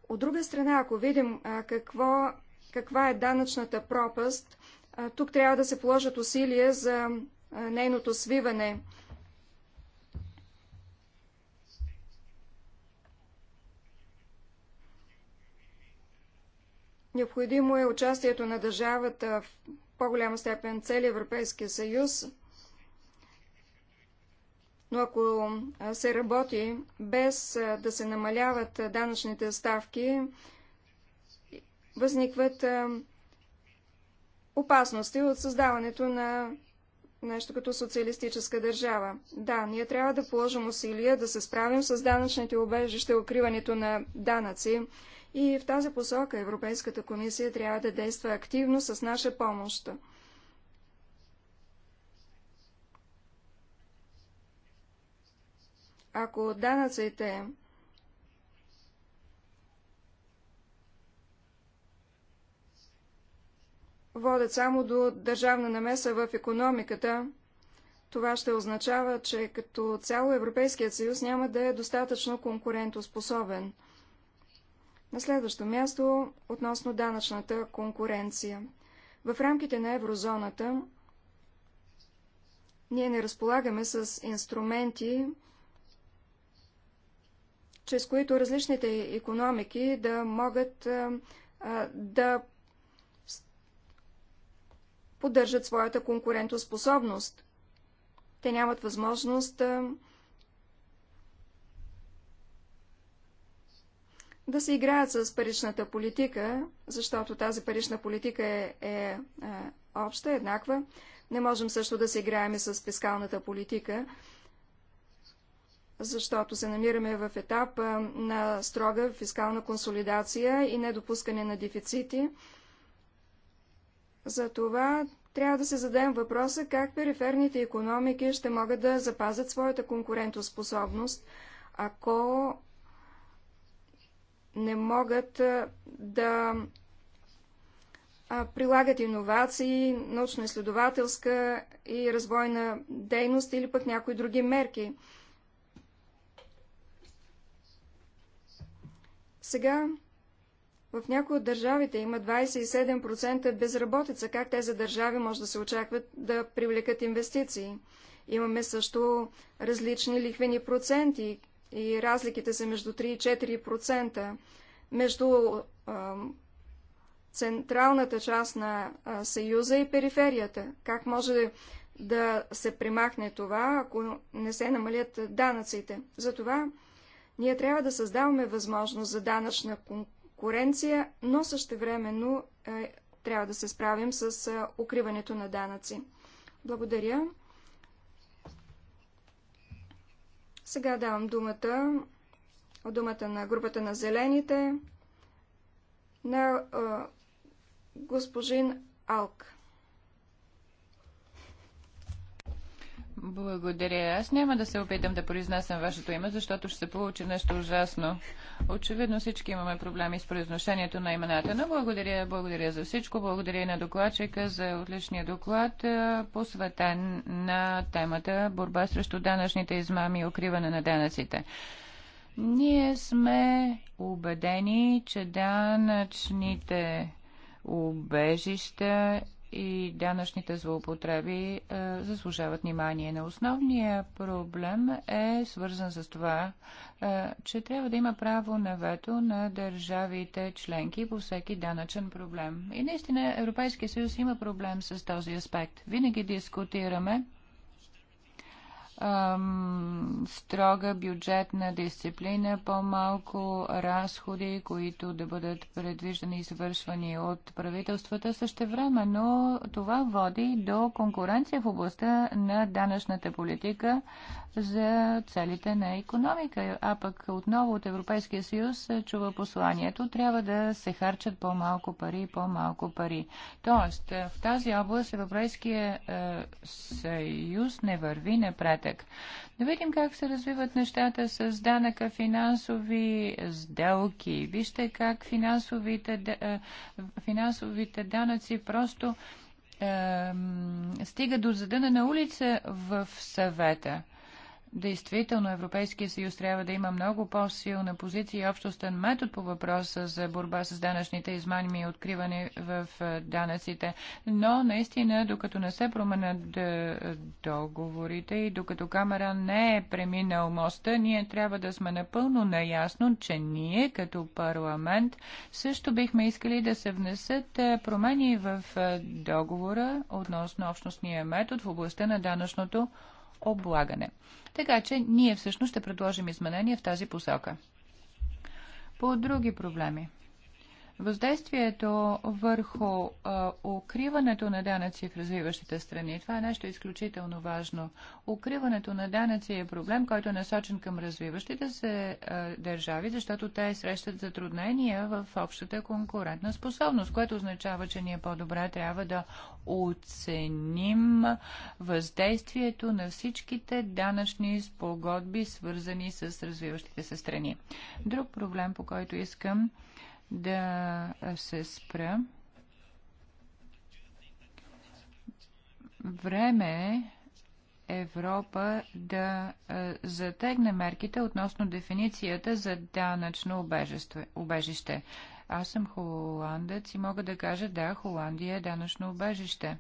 От друга страна, ако видим какво, каква е данъчната пропаст, тук трябва да се положат усилия за нейното свиване. Необходимо е участието на държавата в по-голяма степен цели Европейския съюз. Но ако се работи без да се намаляват данъчните ставки, възникват опасности от създаването на нещо като социалистическа държава. Да, ние трябва да положим усилия да се справим с данъчните убежища, укриването на данъци, и в тази посока Европейската комисия трябва да действа активно с наша помощ. Ако данъците водят само до държавна намеса в економиката, това ще означава, че като цяло Европейският съюз няма да е достатъчно конкурентоспособен – на следващо място, относно данъчната конкуренция. В рамките на еврозоната ние не разполагаме с инструменти, чрез които различните економики да могат а, да поддържат своята конкурентоспособност. Те нямат възможност а, да се играят с паричната политика, защото тази парична политика е, е, е обща, еднаква. Не можем също да се играем и с фискалната политика, защото се намираме в етап на строга фискална консолидация и недопускане на дефицити. За това трябва да се зададем въпроса как периферните економики ще могат да запазят своята конкурентоспособност, ако не могат да прилагат иновации, научно-изследователска и развойна дейност или пък някои други мерки. Сега в някои от държавите има 27% безработица. Как тези държави може да се очакват да привлекат инвестиции? Имаме също различни лихвени проценти и разликите са между 3 и 4%. Между централната част на Съюза и периферията. Как може да се примахне това, ако не се намалят данъците? Затова ние трябва да създаваме възможност за данъчна конкуренция, но същевременно е, трябва да се справим с укриването на данъци. Благодаря. Сега давам думата от думата на групата на зелените на а, госпожин Алк. Благодаря. Аз няма да се опитам да произнасям вашето име, защото ще се получи нещо ужасно. Очевидно всички имаме проблеми с произношението на имената, но благодаря, благодаря за всичко. Благодаря и на докладчика за отличния доклад, посветен на темата борба срещу данъчните измами и укриване на данъците. Ние сме убедени, че данъчните убежища и данъчните злоупотреби е, заслужават внимание. На основния проблем е свързан с това, е, че трябва да има право на вето на държавите членки по всеки данъчен проблем. И наистина Европейския съюз има проблем с този аспект. Винаги дискутираме строга бюджетна дисциплина, по-малко разходи, които да бъдат предвиждани и свършвани от правителствата също време, но това води до конкуренция в областта на данъчната политика за целите на економика. А пък отново от Европейския съюз чува посланието, трябва да се харчат по-малко пари и по-малко пари. Тоест, в тази област Европейския е, съюз не върви напред нататък. Да видим как се развиват нещата с данъка финансови сделки. Вижте как финансовите, е, финансовите данъци просто стига до задъна на улица в съвета. Действително Европейския съюз трябва да има много по-силна позиция и общостен метод по въпроса за борба с данъчните измами и откриване в данъците. Но наистина, докато не се променят договорите и докато камера не е преминал моста, ние трябва да сме напълно наясно, че ние като парламент също бихме искали да се внесат промени в договора относно общностния метод в областта на данъчното облагане. Така че ние всъщност ще предложим изменения в тази посока. По други проблеми. Въздействието върху а, укриването на данъци в развиващите страни, това е нещо изключително важно. Укриването на данъци е проблем, който е насочен към развиващите се а, държави, защото те срещат затруднения в общата конкурентна способност, което означава, че ние по-добре трябва да оценим въздействието на всичките данъчни спогодби, свързани с развиващите се страни. Друг проблем, по който искам да се спра. Време е Европа да затегне мерките относно дефиницията за данъчно убежище. Аз съм холандец и мога да кажа, да, Холандия е данъчно убежище.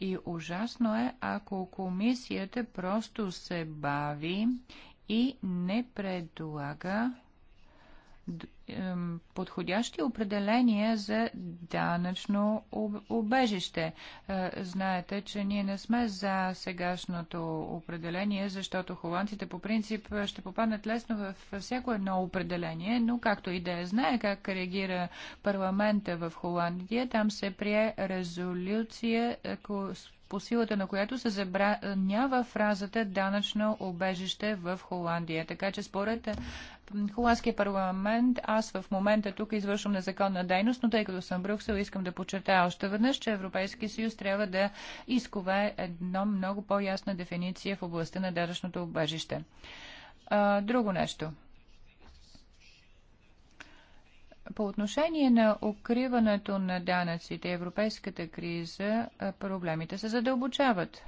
И ужасно е, ако комисията просто се бави и не предлага подходящи определения за данъчно убежище. Е, знаете, че ние не сме за сегашното определение, защото холандците по принцип ще попаднат лесно в всяко едно определение, но както и да е, знае как реагира парламента в Холандия, там се прие резолюция, ако е, по силата на която се забранява фразата данъчно обежище в Холандия. Така че според е, Холандския парламент, аз в момента тук извършвам незаконна дейност, но тъй като съм в Брюксел, искам да подчертая още веднъж, че Европейския съюз трябва да изкове едно много по-ясна дефиниция в областта на даръчното убежище. Друго нещо. По отношение на укриването на данъците и европейската криза, проблемите се задълбочават.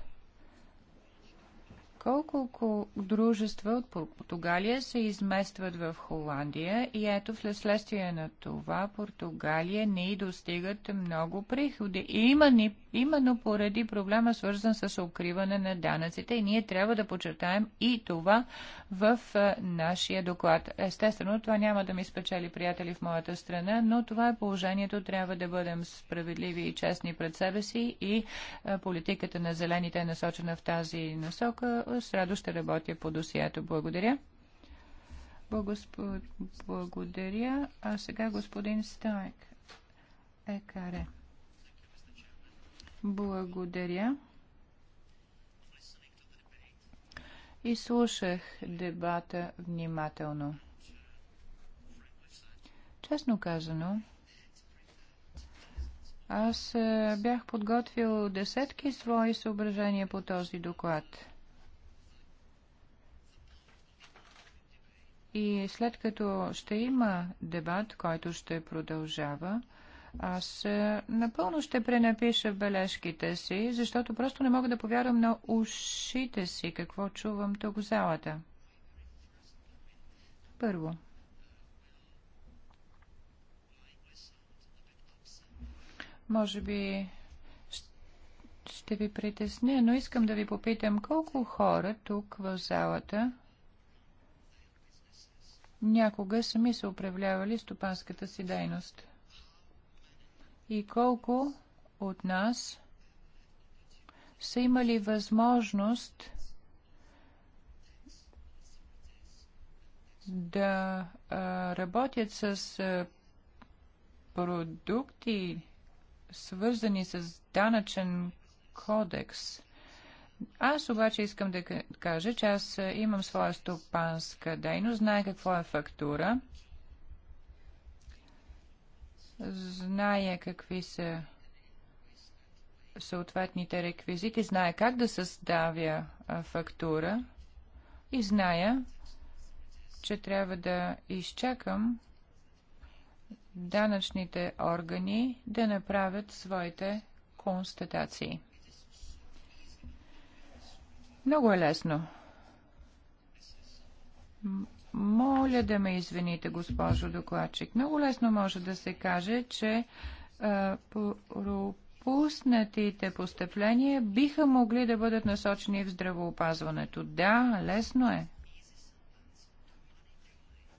Колко дружества от Португалия се изместват в Холандия и ето вследствие на това Португалия не и достигат много приходи. И има ни именно поради проблема свързан с укриване на данъците и ние трябва да подчертаем и това в нашия доклад. Естествено, това няма да ми спечели приятели в моята страна, но това е положението. Трябва да бъдем справедливи и честни пред себе си и политиката на зелените е насочена в тази насока. С радост ще работя по досието. Благодаря. Благодаря. А сега господин Стайк. Екаре. Благодаря. И слушах дебата внимателно. Честно казано, аз е, бях подготвил десетки свои съображения по този доклад. И след като ще има дебат, който ще продължава, аз е, напълно ще пренапиша бележките си, защото просто не мога да повярвам на ушите си какво чувам тук в залата. Първо. Може би ще ви притесня, но искам да ви попитам колко хора тук в залата някога сами са управлявали стопанската си дейност и колко от нас са имали възможност да а, работят с а, продукти, свързани с данъчен кодекс. Аз обаче искам да кажа, че аз имам своя стопанска дейност, знае какво е фактура знае какви са съответните реквизити, знае как да съставя фактура и зная, че трябва да изчакам данъчните органи да направят своите констатации. Много е лесно. Моля да ме извините, госпожо докладчик. Много лесно може да се каже, че а, пропуснатите постъпления биха могли да бъдат насочени в здравоопазването. Да, лесно е.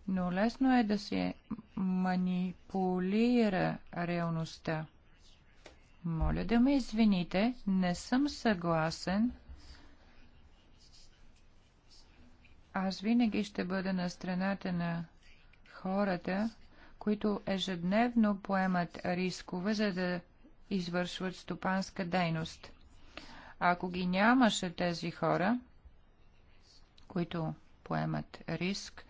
Но лесно е да се манипулира реалността. Моля да ме извините, не съм съгласен Аз винаги ще бъда на страната на хората, които ежедневно поемат рискове, за да извършват стопанска дейност. ако ги нямаше тези хора, които поемат риск,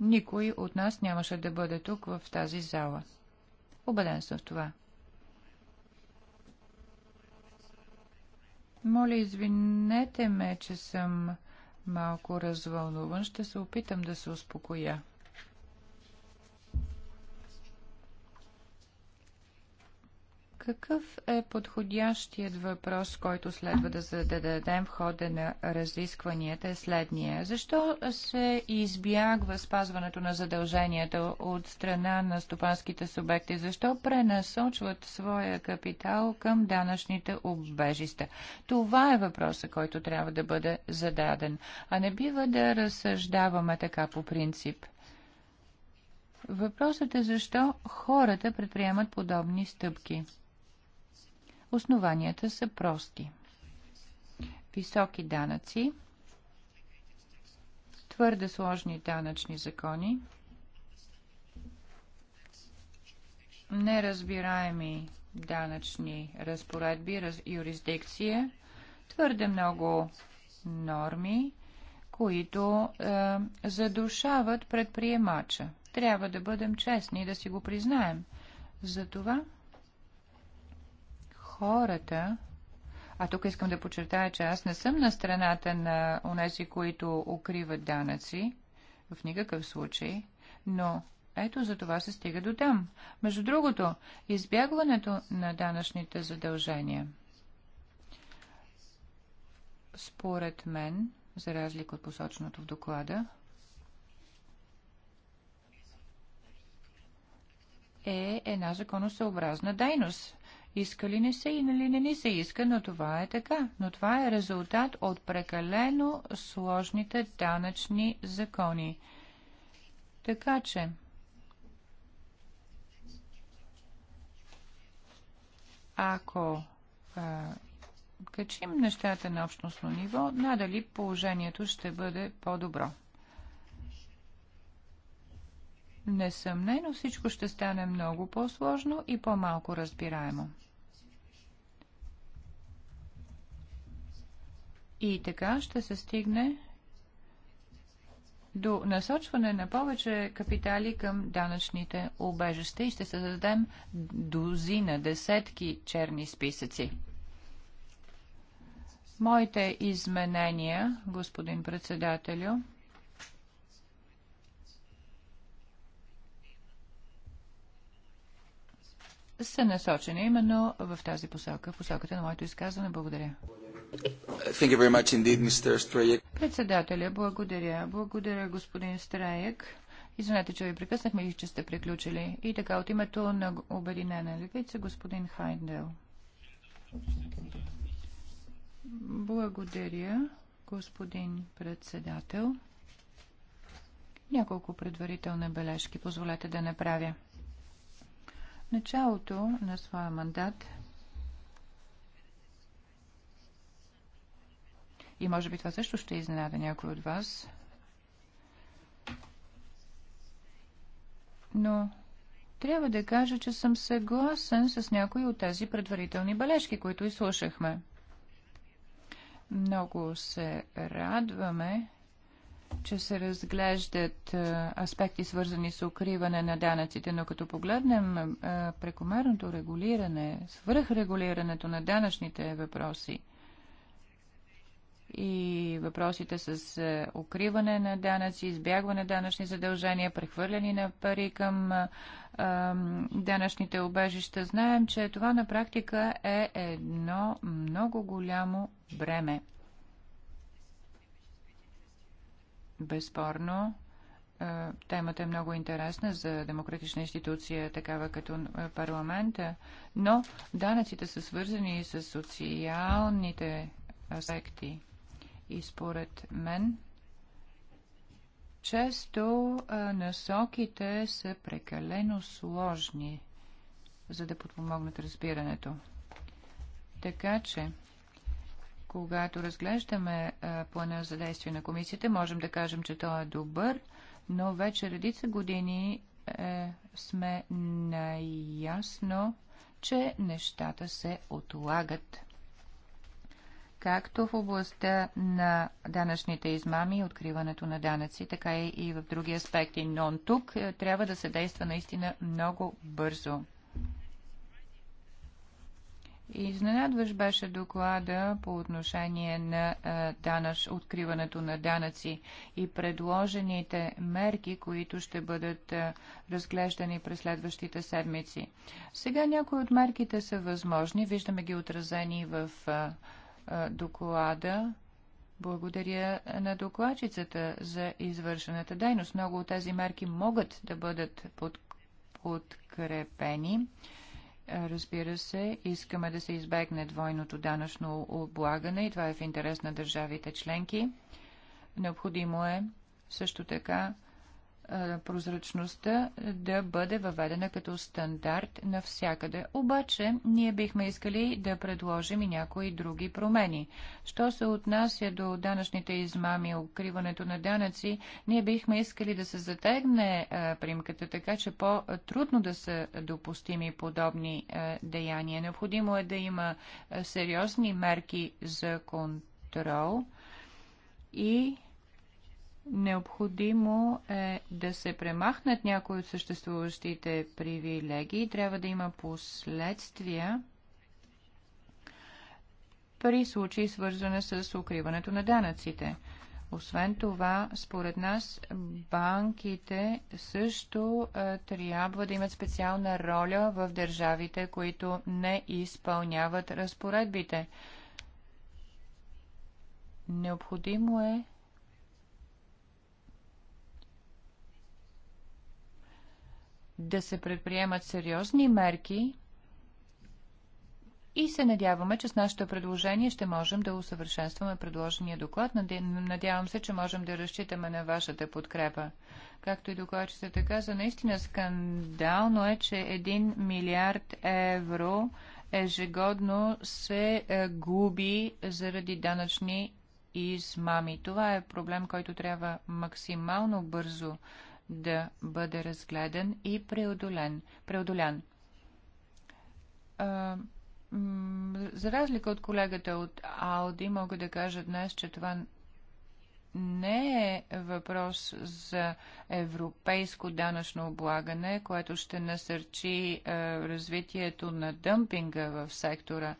никой от нас нямаше да бъде тук в тази зала. Обеден съм в това. Моля, извинете ме, че съм малко развълнуван. Ще се опитам да се успокоя. Какъв е подходящият въпрос, който следва да зададем в хода на разискванията е следния. Защо се избягва спазването на задълженията от страна на стопанските субекти? Защо пренасочват своя капитал към данъчните обежища? Това е въпросът, който трябва да бъде зададен. А не бива да разсъждаваме така по принцип. Въпросът е защо хората предприемат подобни стъпки. Основанията са прости. Високи данъци, твърде сложни данъчни закони, неразбираеми данъчни разпоредби, раз, юрисдикция, твърде много норми, които е, задушават предприемача. Трябва да бъдем честни и да си го признаем. Затова хората, а тук искам да подчертая, че аз не съм на страната на онези, които укриват данъци, в никакъв случай, но ето за това се стига до там. Между другото, избягването на данъчните задължения. Според мен, за разлика от посоченото в доклада, е една законосъобразна дейност. Иска ли не се и нали не ни се иска, но това е така. Но това е резултат от прекалено сложните данъчни закони. Така че, ако а, качим нещата на общностно ниво, надали положението ще бъде по-добро. Несъмнено всичко ще стане много по-сложно и по-малко разбираемо. И така ще се стигне до насочване на повече капитали към данъчните убежища и ще създадем дозина, десетки черни списъци. Моите изменения, господин председателю, са насочени именно в тази посока, в посоката на моето изказване. Благодаря. Indeed, Председателя, благодаря. Благодаря, господин Страек. Извинете, че ви прекъснахме и че сте приключили. И така, от името на Обединена левица, господин Хайндел. Благодаря, господин председател. Няколко предварителни бележки позволете да направя. Началото на своя мандат И може би това също ще изненада някой от вас. Но трябва да кажа, че съм съгласен с някои от тези предварителни бележки, които изслушахме. Много се радваме, че се разглеждат е, аспекти, свързани с укриване на данъците, но като погледнем е, е, прекомерното регулиране, свръхрегулирането на данъчните въпроси – и въпросите с е, укриване на данъци, избягване на данъчни задължения, прехвърляни на пари към е, е, данъчните обежища. Знаем, че това на практика е едно много голямо бреме. Безспорно, темата е много интересна за демократична институция, такава като парламента, но данъците са свързани и с социалните аспекти. И според мен, често насоките са прекалено сложни, за да подпомогнат разбирането. Така че, когато разглеждаме плана за действие на комисията, можем да кажем, че той е добър, но вече редица години е, сме наясно, че нещата се отлагат както в областта на данъчните измами и откриването на данъци, така и в други аспекти. Но тук е, трябва да се действа наистина много бързо. Изненадваш беше доклада по отношение на е, данъч, откриването на данъци и предложените мерки, които ще бъдат е, разглеждани през следващите седмици. Сега някои от мерките са възможни, виждаме ги отразени в доклада. Благодаря на докладчицата за извършената дейност. Много от тези мерки могат да бъдат под, подкрепени. Разбира се, искаме да се избегне двойното данъчно облагане и това е в интерес на държавите членки. Необходимо е също така прозрачността да бъде въведена като стандарт навсякъде. Обаче, ние бихме искали да предложим и някои други промени. Що се отнася до данъчните измами, укриването на данъци, ние бихме искали да се затегне а, примката, така че по-трудно да са допустими подобни а, деяния. Необходимо е да има сериозни мерки за контрол и Необходимо е да се премахнат някои от съществуващите привилегии. Трябва да има последствия при случаи свързване с укриването на данъците. Освен това, според нас, банките също е, трябва да имат специална роля в държавите, които не изпълняват разпоредбите. Необходимо е да се предприемат сериозни мерки и се надяваме, че с нашето предложение ще можем да усъвършенстваме предложения доклад. Надявам се, че можем да разчитаме на вашата подкрепа. Както и докладчицата каза, наистина скандално е, че 1 милиард евро ежегодно се е, губи заради данъчни измами. Това е проблем, който трябва максимално бързо да бъде разгледан и преодолен. преодолян. А, за разлика от колегата от Ауди, мога да кажа днес, че това не е въпрос за европейско данъчно облагане, което ще насърчи е, развитието на дъмпинга в сектора.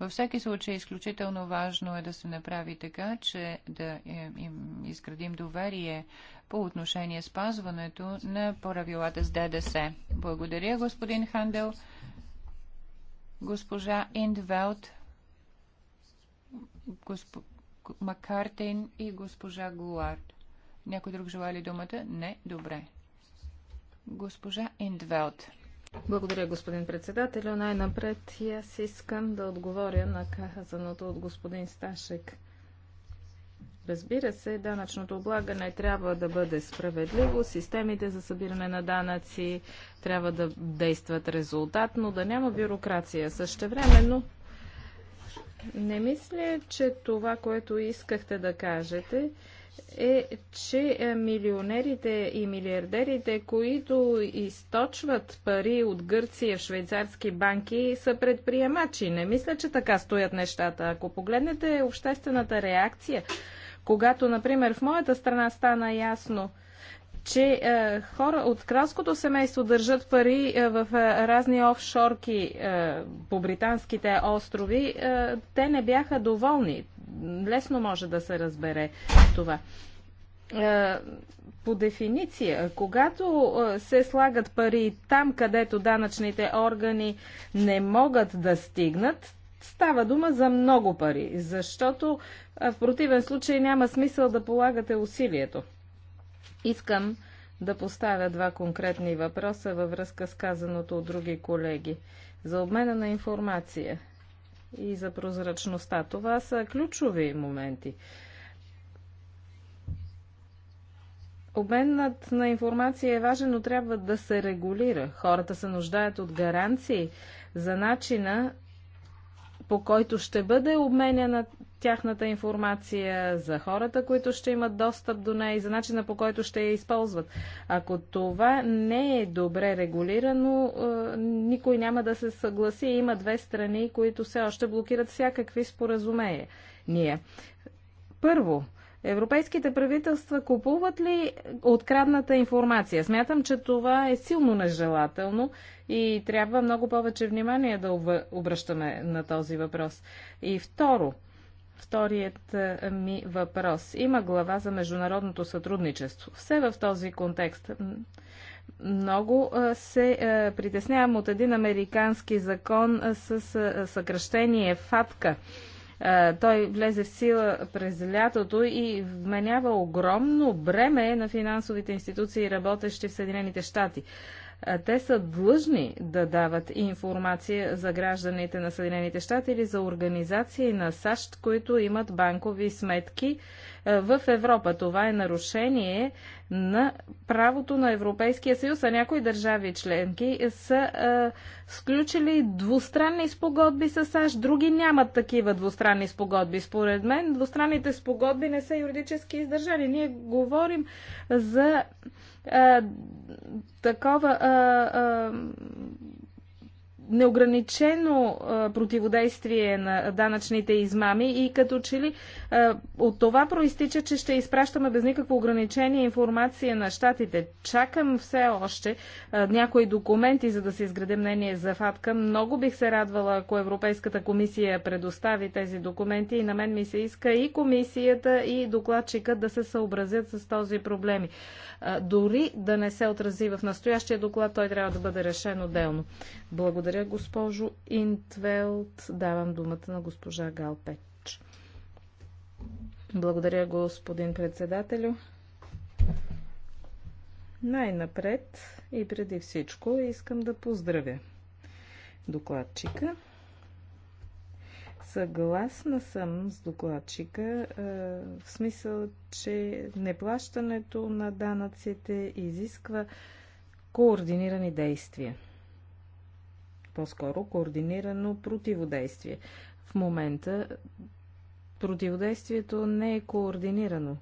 Във всеки случай, изключително важно е да се направи така, че да е, им изградим доверие по отношение спазването на правилата с ДДС. Благодаря, господин Хандел. Госпожа Индвелт, госп... Макартин и госпожа Гуард. Някой друг желая ли думата? Не? Добре. Госпожа Индвелт. Благодаря, господин председател. Най-напред и аз искам да отговоря на казаното от господин Сташек. Разбира се, данъчното облагане трябва да бъде справедливо, системите за събиране на данъци трябва да действат резултатно, да няма бюрокрация. Същевременно не мисля, че това, което искахте да кажете, е, че е, милионерите и милиардерите, които източват пари от Гърция в швейцарски банки, са предприемачи. Не мисля, че така стоят нещата. Ако погледнете обществената реакция, когато, например, в моята страна стана ясно, че е, хора от кралското семейство държат пари е, в е, разни офшорки е, по британските острови, е, те не бяха доволни. Лесно може да се разбере това. Е, по дефиниция, когато е, се слагат пари там, където данъчните органи не могат да стигнат, става дума за много пари, защото е, в противен случай няма смисъл да полагате усилието. Искам да поставя два конкретни въпроса във връзка с казаното от други колеги. За обмена на информация и за прозрачността. Това са ключови моменти. Обменът на информация е важен, но трябва да се регулира. Хората се нуждаят от гаранции за начина по който ще бъде обменяна тяхната информация, за хората, които ще имат достъп до нея и за начина по който ще я използват. Ако това не е добре регулирано, е, никой няма да се съгласи. Има две страни, които все още блокират всякакви споразумения. Ние. Първо, Европейските правителства купуват ли открадната информация? Смятам, че това е силно нежелателно и трябва много повече внимание да обръщаме на този въпрос. И второ, вторият е, ми въпрос. Има глава за международното сътрудничество. Все в този контекст. Много е, се е, притеснявам от един американски закон с съкръщение ФАТКА той влезе в сила през лятото и вменява огромно бреме на финансовите институции, работещи в Съединените щати те са длъжни да дават информация за гражданите на Съединените щати или за организации на САЩ, които имат банкови сметки в Европа. Това е нарушение на правото на Европейския съюз, а някои държави членки са а, сключили двустранни спогодби с САЩ, други нямат такива двустранни спогодби. Според мен двустранните спогодби не са юридически издържани. Ние говорим за а, такова а, а, неограничено противодействие на данъчните измами и като че ли от това проистича, че ще изпращаме без никакво ограничение информация на щатите. Чакам все още някои документи, за да се изграде мнение за ФАТКА. Много бих се радвала, ако Европейската комисия предостави тези документи и на мен ми се иска и комисията и докладчика да се съобразят с този проблеми. Дори да не се отрази в настоящия доклад, той трябва да бъде решен отделно. Благодаря благодаря, госпожо Интвелт. Давам думата на госпожа Галпеч. Благодаря, господин председателю. Най-напред и преди всичко искам да поздравя докладчика. Съгласна съм с докладчика е, в смисъл, че неплащането на данъците изисква координирани действия по-скоро координирано противодействие. В момента противодействието не е координирано.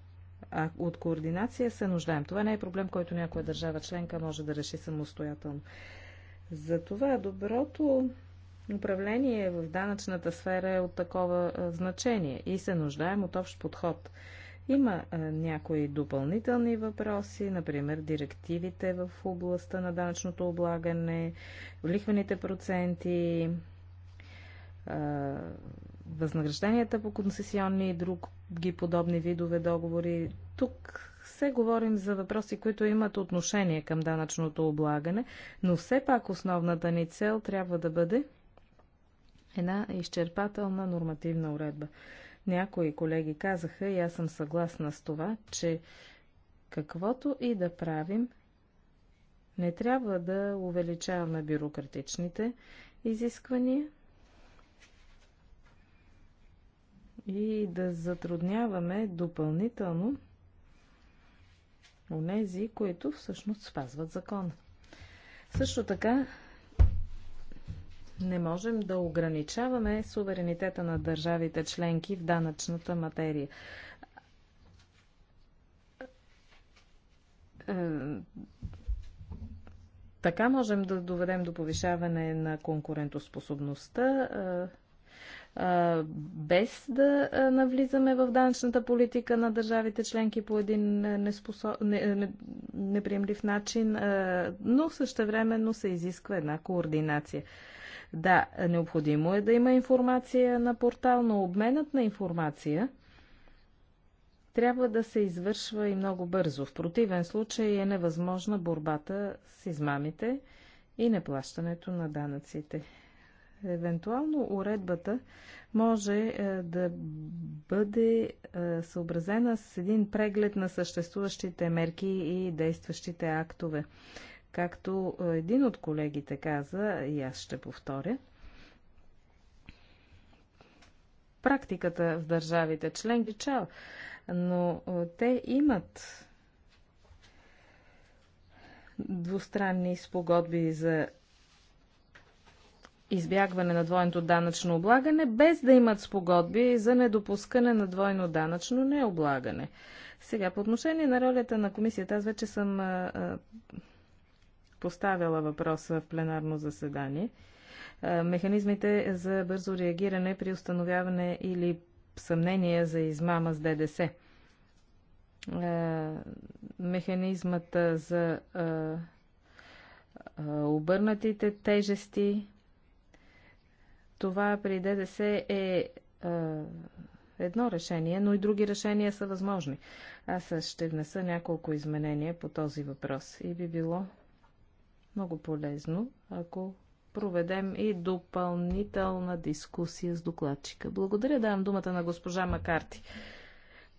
А от координация се нуждаем. Това не е проблем, който някоя държава членка може да реши самостоятелно. Затова доброто управление в данъчната сфера е от такова значение и се нуждаем от общ подход. Има а, някои допълнителни въпроси, например директивите в областта на данъчното облагане, лихвените проценти, а, възнагражденията по концесионни и други подобни видове договори. Тук се говорим за въпроси, които имат отношение към данъчното облагане, но все пак основната ни цел трябва да бъде една изчерпателна нормативна уредба. Някои колеги казаха, и аз съм съгласна с това, че каквото и да правим, не трябва да увеличаваме бюрократичните изисквания и да затрудняваме допълнително онези, които всъщност спазват закона. Също така не можем да ограничаваме суверенитета на държавите членки в данъчната материя. Е, така можем да доведем до повишаване на конкурентоспособността, е, е, без да навлизаме в данъчната политика на държавите членки по един неспособ... неприемлив начин, но същевременно се изисква една координация. Да, необходимо е да има информация на портал, но обменът на информация трябва да се извършва и много бързо. В противен случай е невъзможна борбата с измамите и неплащането на данъците. Евентуално уредбата може е, да бъде е, съобразена с един преглед на съществуващите мерки и действащите актове. Както един от колегите каза, и аз ще повторя, практиката в държавите член чал, но те имат двустранни спогодби за избягване на двойното данъчно облагане, без да имат спогодби за недопускане на двойно данъчно необлагане. Сега, по отношение на ролята на комисията, аз вече съм а, а, поставяла въпроса в пленарно заседание. Механизмите за бързо реагиране при установяване или съмнение за измама с ДДС. Механизмът за обърнатите тежести. Това при ДДС е едно решение, но и други решения са възможни. Аз ще внеса няколко изменения по този въпрос и би било много полезно, ако проведем и допълнителна дискусия с докладчика. Благодаря, давам думата на госпожа Макарти.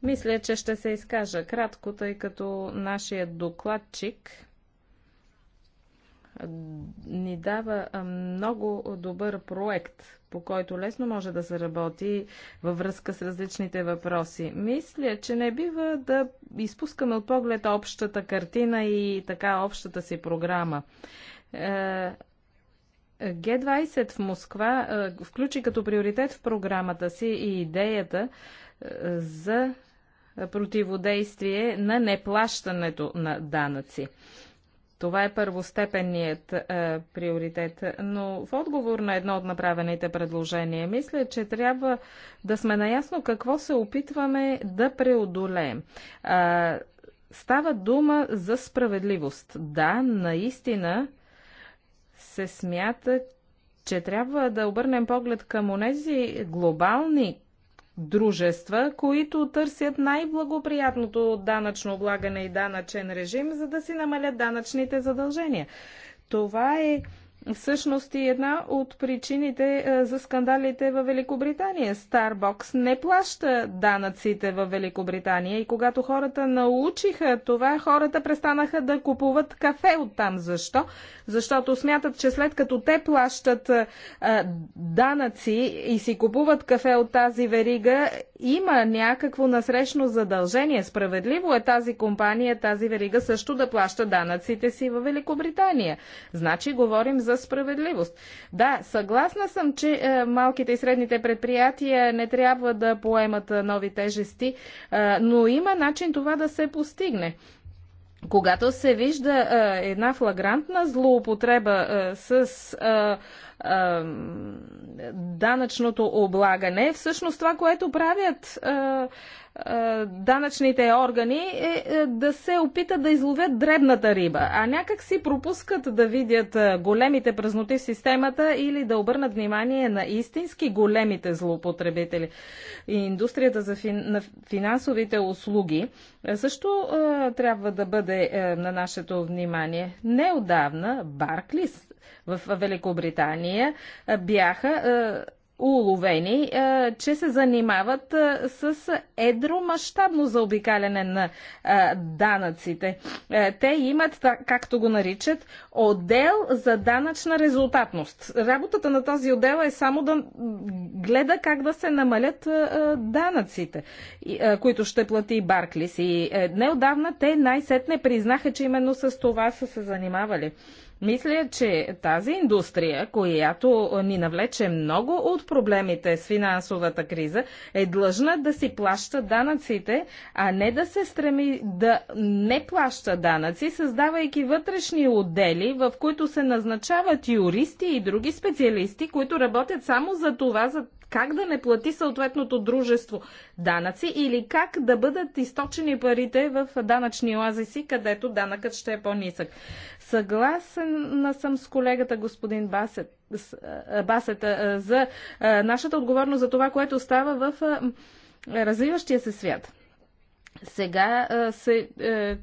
Мисля, че ще се изкажа кратко, тъй като нашият докладчик ни дава много добър проект, по който лесно може да се работи във връзка с различните въпроси. Мисля, че не бива да изпускаме от поглед общата картина и така общата си програма. Е, Г-20 в Москва е, включи като приоритет в програмата си и идеята е, за противодействие на неплащането на данъци. Това е първостепенният е, приоритет. Но в отговор на едно от направените предложения, мисля, че трябва да сме наясно какво се опитваме да преодолеем. Е, става дума за справедливост. Да, наистина се смята, че трябва да обърнем поглед към онези глобални дружества, които търсят най-благоприятното данъчно облагане и данъчен режим, за да си намалят данъчните задължения. Това е всъщност е една от причините е, за скандалите във Великобритания. Старбокс не плаща данъците във Великобритания и когато хората научиха това, хората престанаха да купуват кафе оттам. Защо? Защото смятат, че след като те плащат е, е, данъци и си купуват кафе от тази верига, има някакво насрещно задължение. Справедливо е тази компания, тази верига също да плаща данъците си в Великобритания. Значи говорим за справедливост. Да, съгласна съм, че е, малките и средните предприятия не трябва да поемат е, нови тежести, е, но има начин това да се постигне. Когато се вижда е, една флагрантна злоупотреба е, с. Е, данъчното облагане. Всъщност това, което правят данъчните органи е, е да се опитат да изловят дребната риба, а някак си пропускат да видят големите празноти в системата или да обърнат внимание на истински големите злоупотребители. И индустрията за фин... на финансовите услуги също трябва да бъде на нашето внимание. Неодавна Барклис в Великобритания е, бяха е, уловени, е, че се занимават с едро мащабно заобикаляне на данъците. Те имат, както го наричат, отдел за данъчна резултатност. Работата на този отдел е само да гледа как да се намалят данъците, които ще плати Барклис. И неодавна те най-сетне признаха, че именно с това са се занимавали. Мисля, че тази индустрия, която ни навлече много от проблемите с финансовата криза, е длъжна да си плаща данъците, а не да се стреми да не плаща данъци, създавайки вътрешни отдели, в които се назначават юристи и други специалисти, които работят само за това, за как да не плати съответното дружество данъци или как да бъдат източени парите в данъчни оазиси, където данъкът ще е по-нисък. Съгласен съм с колегата господин Басет, Басет за нашата отговорност за това, което става в развиващия се свят. Сега се е,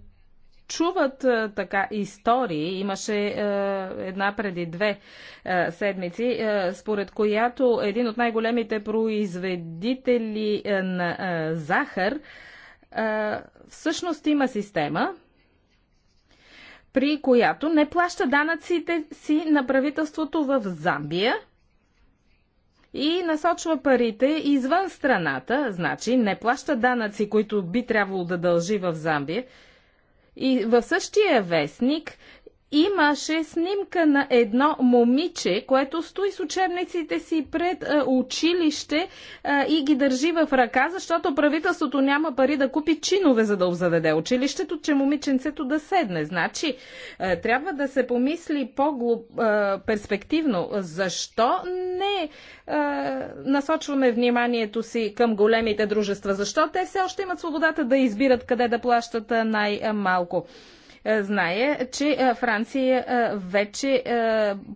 чуват а, така истории. Имаше а, е, една преди две а, е, седмици, а, според която един от най-големите произведители а, на а, захар а, всъщност има система, при която не плаща данъците си на правителството в Замбия и насочва парите извън страната, значи не плаща данъци, които би трябвало да дължи в Замбия. И в същия вестник имаше снимка на едно момиче, което стои с учебниците си пред а, училище а, и ги държи в ръка, защото правителството няма пари да купи чинове, за да обзаведе училището, че момиченцето да седне. Значи, а, трябва да се помисли по-перспективно. Защо не а, насочваме вниманието си към големите дружества? Защо те все още имат свободата да избират къде да плащат най-малко? Е, знае, че е, Франция е, вече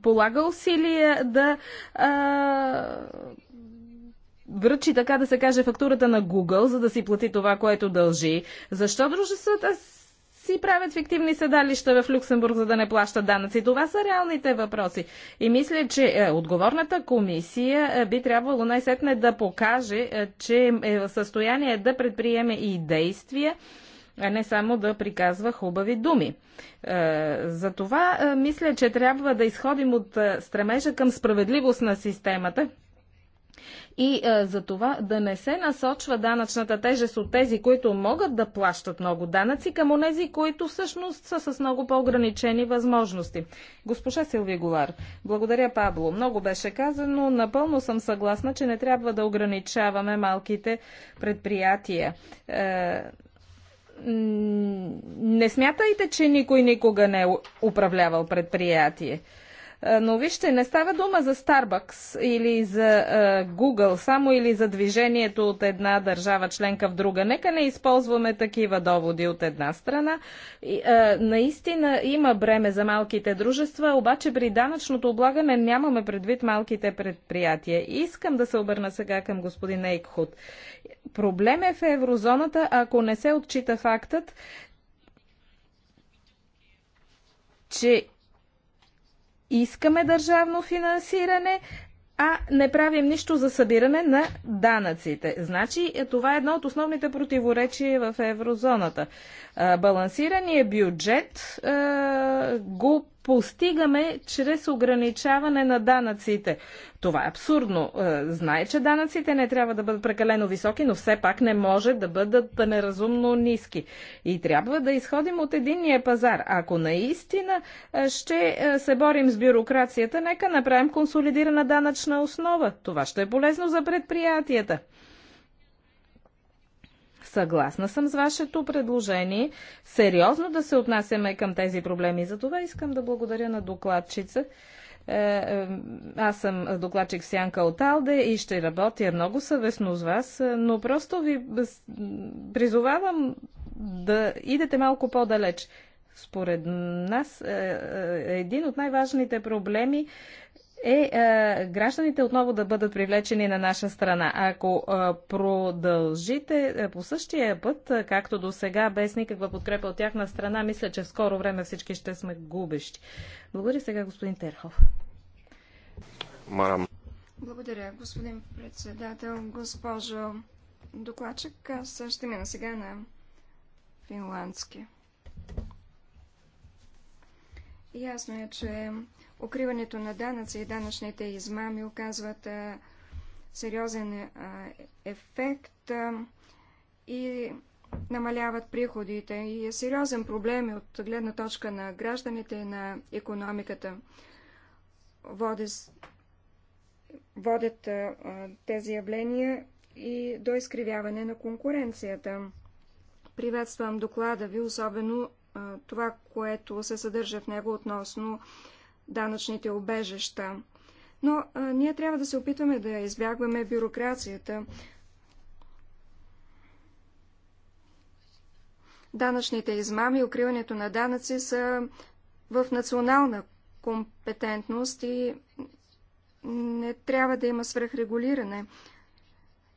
полага усилия да връчи, така да се каже, фактурата на Google, за да си плати това, което дължи. Защо дружествата си правят фиктивни седалища в Люксембург, за да не плащат данъци? Това са реалните въпроси. И мисля, че отговорната комисия би трябвало най-сетне да покаже, че е в състояние да предприеме и действия, а не само да приказва хубави думи. Е, за това е, мисля, че трябва да изходим от е, стремежа към справедливост на системата, и а, за това да не се насочва данъчната тежест от тези, които могат да плащат много данъци, към онези, които всъщност са с много по-ограничени възможности. Госпожа Силви Голар, благодаря Пабло. Много беше казано. Напълно съм съгласна, че не трябва да ограничаваме малките предприятия не смятайте, че никой никога не е управлявал предприятие. Е, но вижте, не става дума за Starbucks или за е, Google, само или за движението от една държава членка в друга. Нека не използваме такива доводи от една страна. Е, наистина има бреме за малките дружества, обаче при данъчното облагане нямаме предвид малките предприятия. И искам да се обърна сега към господин Ейкхуд. Проблем е в еврозоната, ако не се отчита фактът, че искаме държавно финансиране, а не правим нищо за събиране на данъците. Значи е, това е едно от основните противоречия в еврозоната. Балансираният бюджет го постигаме чрез ограничаване на данъците. Това е абсурдно. Е, знае, че данъците не трябва да бъдат прекалено високи, но все пак не може да бъдат неразумно ниски. И трябва да изходим от единния пазар. Ако наистина е, ще е, се борим с бюрокрацията, нека направим консолидирана данъчна основа. Това ще е полезно за предприятията съгласна съм с вашето предложение, сериозно да се отнасяме към тези проблеми. За това искам да благодаря на докладчица. Е, е, аз съм докладчик Сянка от Алде и ще работя много съвестно с вас, е, но просто ви призовавам да идете малко по-далеч. Според нас един от най-важните проблеми е, а, е, гражданите отново да бъдат привлечени на наша страна. Ако а, е, продължите а, е, по същия път, както до сега, без никаква подкрепа от тяхна страна, мисля, че в скоро време всички ще сме губещи. Благодаря сега, господин Терхов. Марам. Благодаря, господин председател, госпожо докладчик. Аз ще мина сега на финландски. Ясно е, че Укриването на данъци и данъчните измами оказват сериозен ефект и намаляват приходите и е сериозен проблем от гледна точка на гражданите и на економиката. Води, водят а, тези явления и до изкривяване на конкуренцията. Приветствам доклада ви, особено а, това, което се съдържа в него относно данъчните обежища. Но а, ние трябва да се опитваме да избягваме бюрокрацията. Данъчните измами и укриването на данъци са в национална компетентност и не трябва да има свръхрегулиране,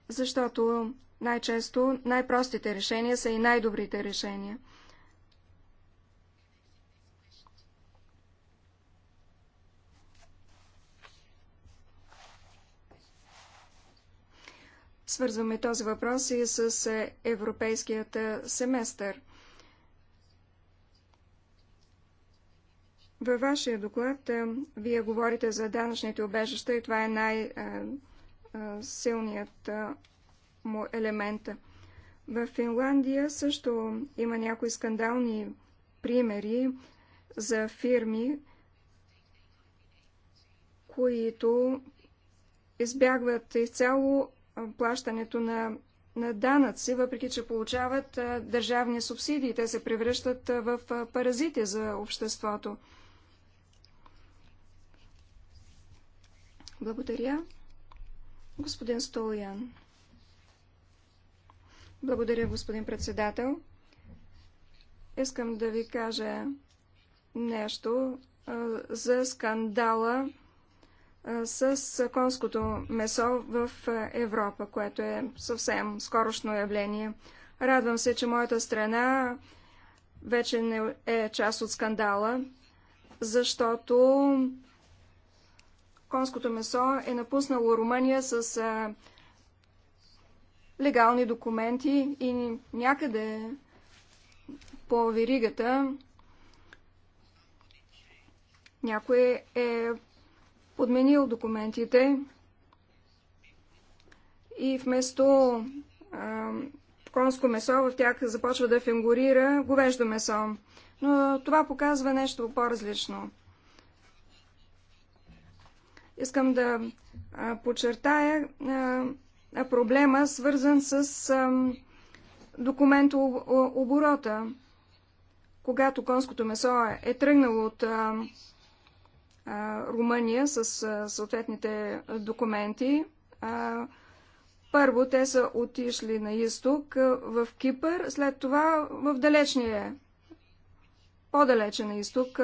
защото най-често най-простите решения са и най-добрите решения. Свързваме този въпрос и с е, европейският е, семестър. Във вашия доклад е, вие говорите за данъчните обежища и това е най-силният му елемент. В Финландия също има някои скандални примери за фирми, които избягват изцяло плащането на, на данъци, въпреки че получават държавни субсидии. Те се превръщат в паразити за обществото. Благодаря. Господин Столян. Благодаря, господин председател. Искам да ви кажа нещо а, за скандала с конското месо в Европа, което е съвсем скорошно явление. Радвам се, че моята страна вече не е част от скандала, защото конското месо е напуснало Румъния с а, легални документи и някъде по веригата някой е подменил документите и вместо а, конско месо в тях започва да фингурира говеждо месо. Но това показва нещо по-различно. Искам да а, подчертая а, проблема, свързан с а, документооборота. Когато конското месо е, е тръгнало от а, Румъния с съответните документи. Първо те са отишли на изток в Кипър, след това в далечния, по-далече на изток,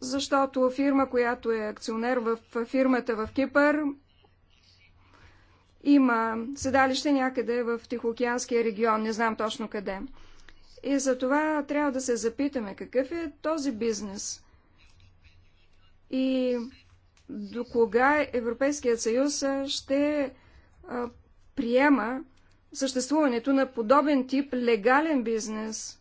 защото фирма, която е акционер в фирмата в Кипър, има седалище някъде в Тихоокеанския регион, не знам точно къде. И за това трябва да се запитаме какъв е този бизнес и до кога Европейският съюз ще приема съществуването на подобен тип легален бизнес.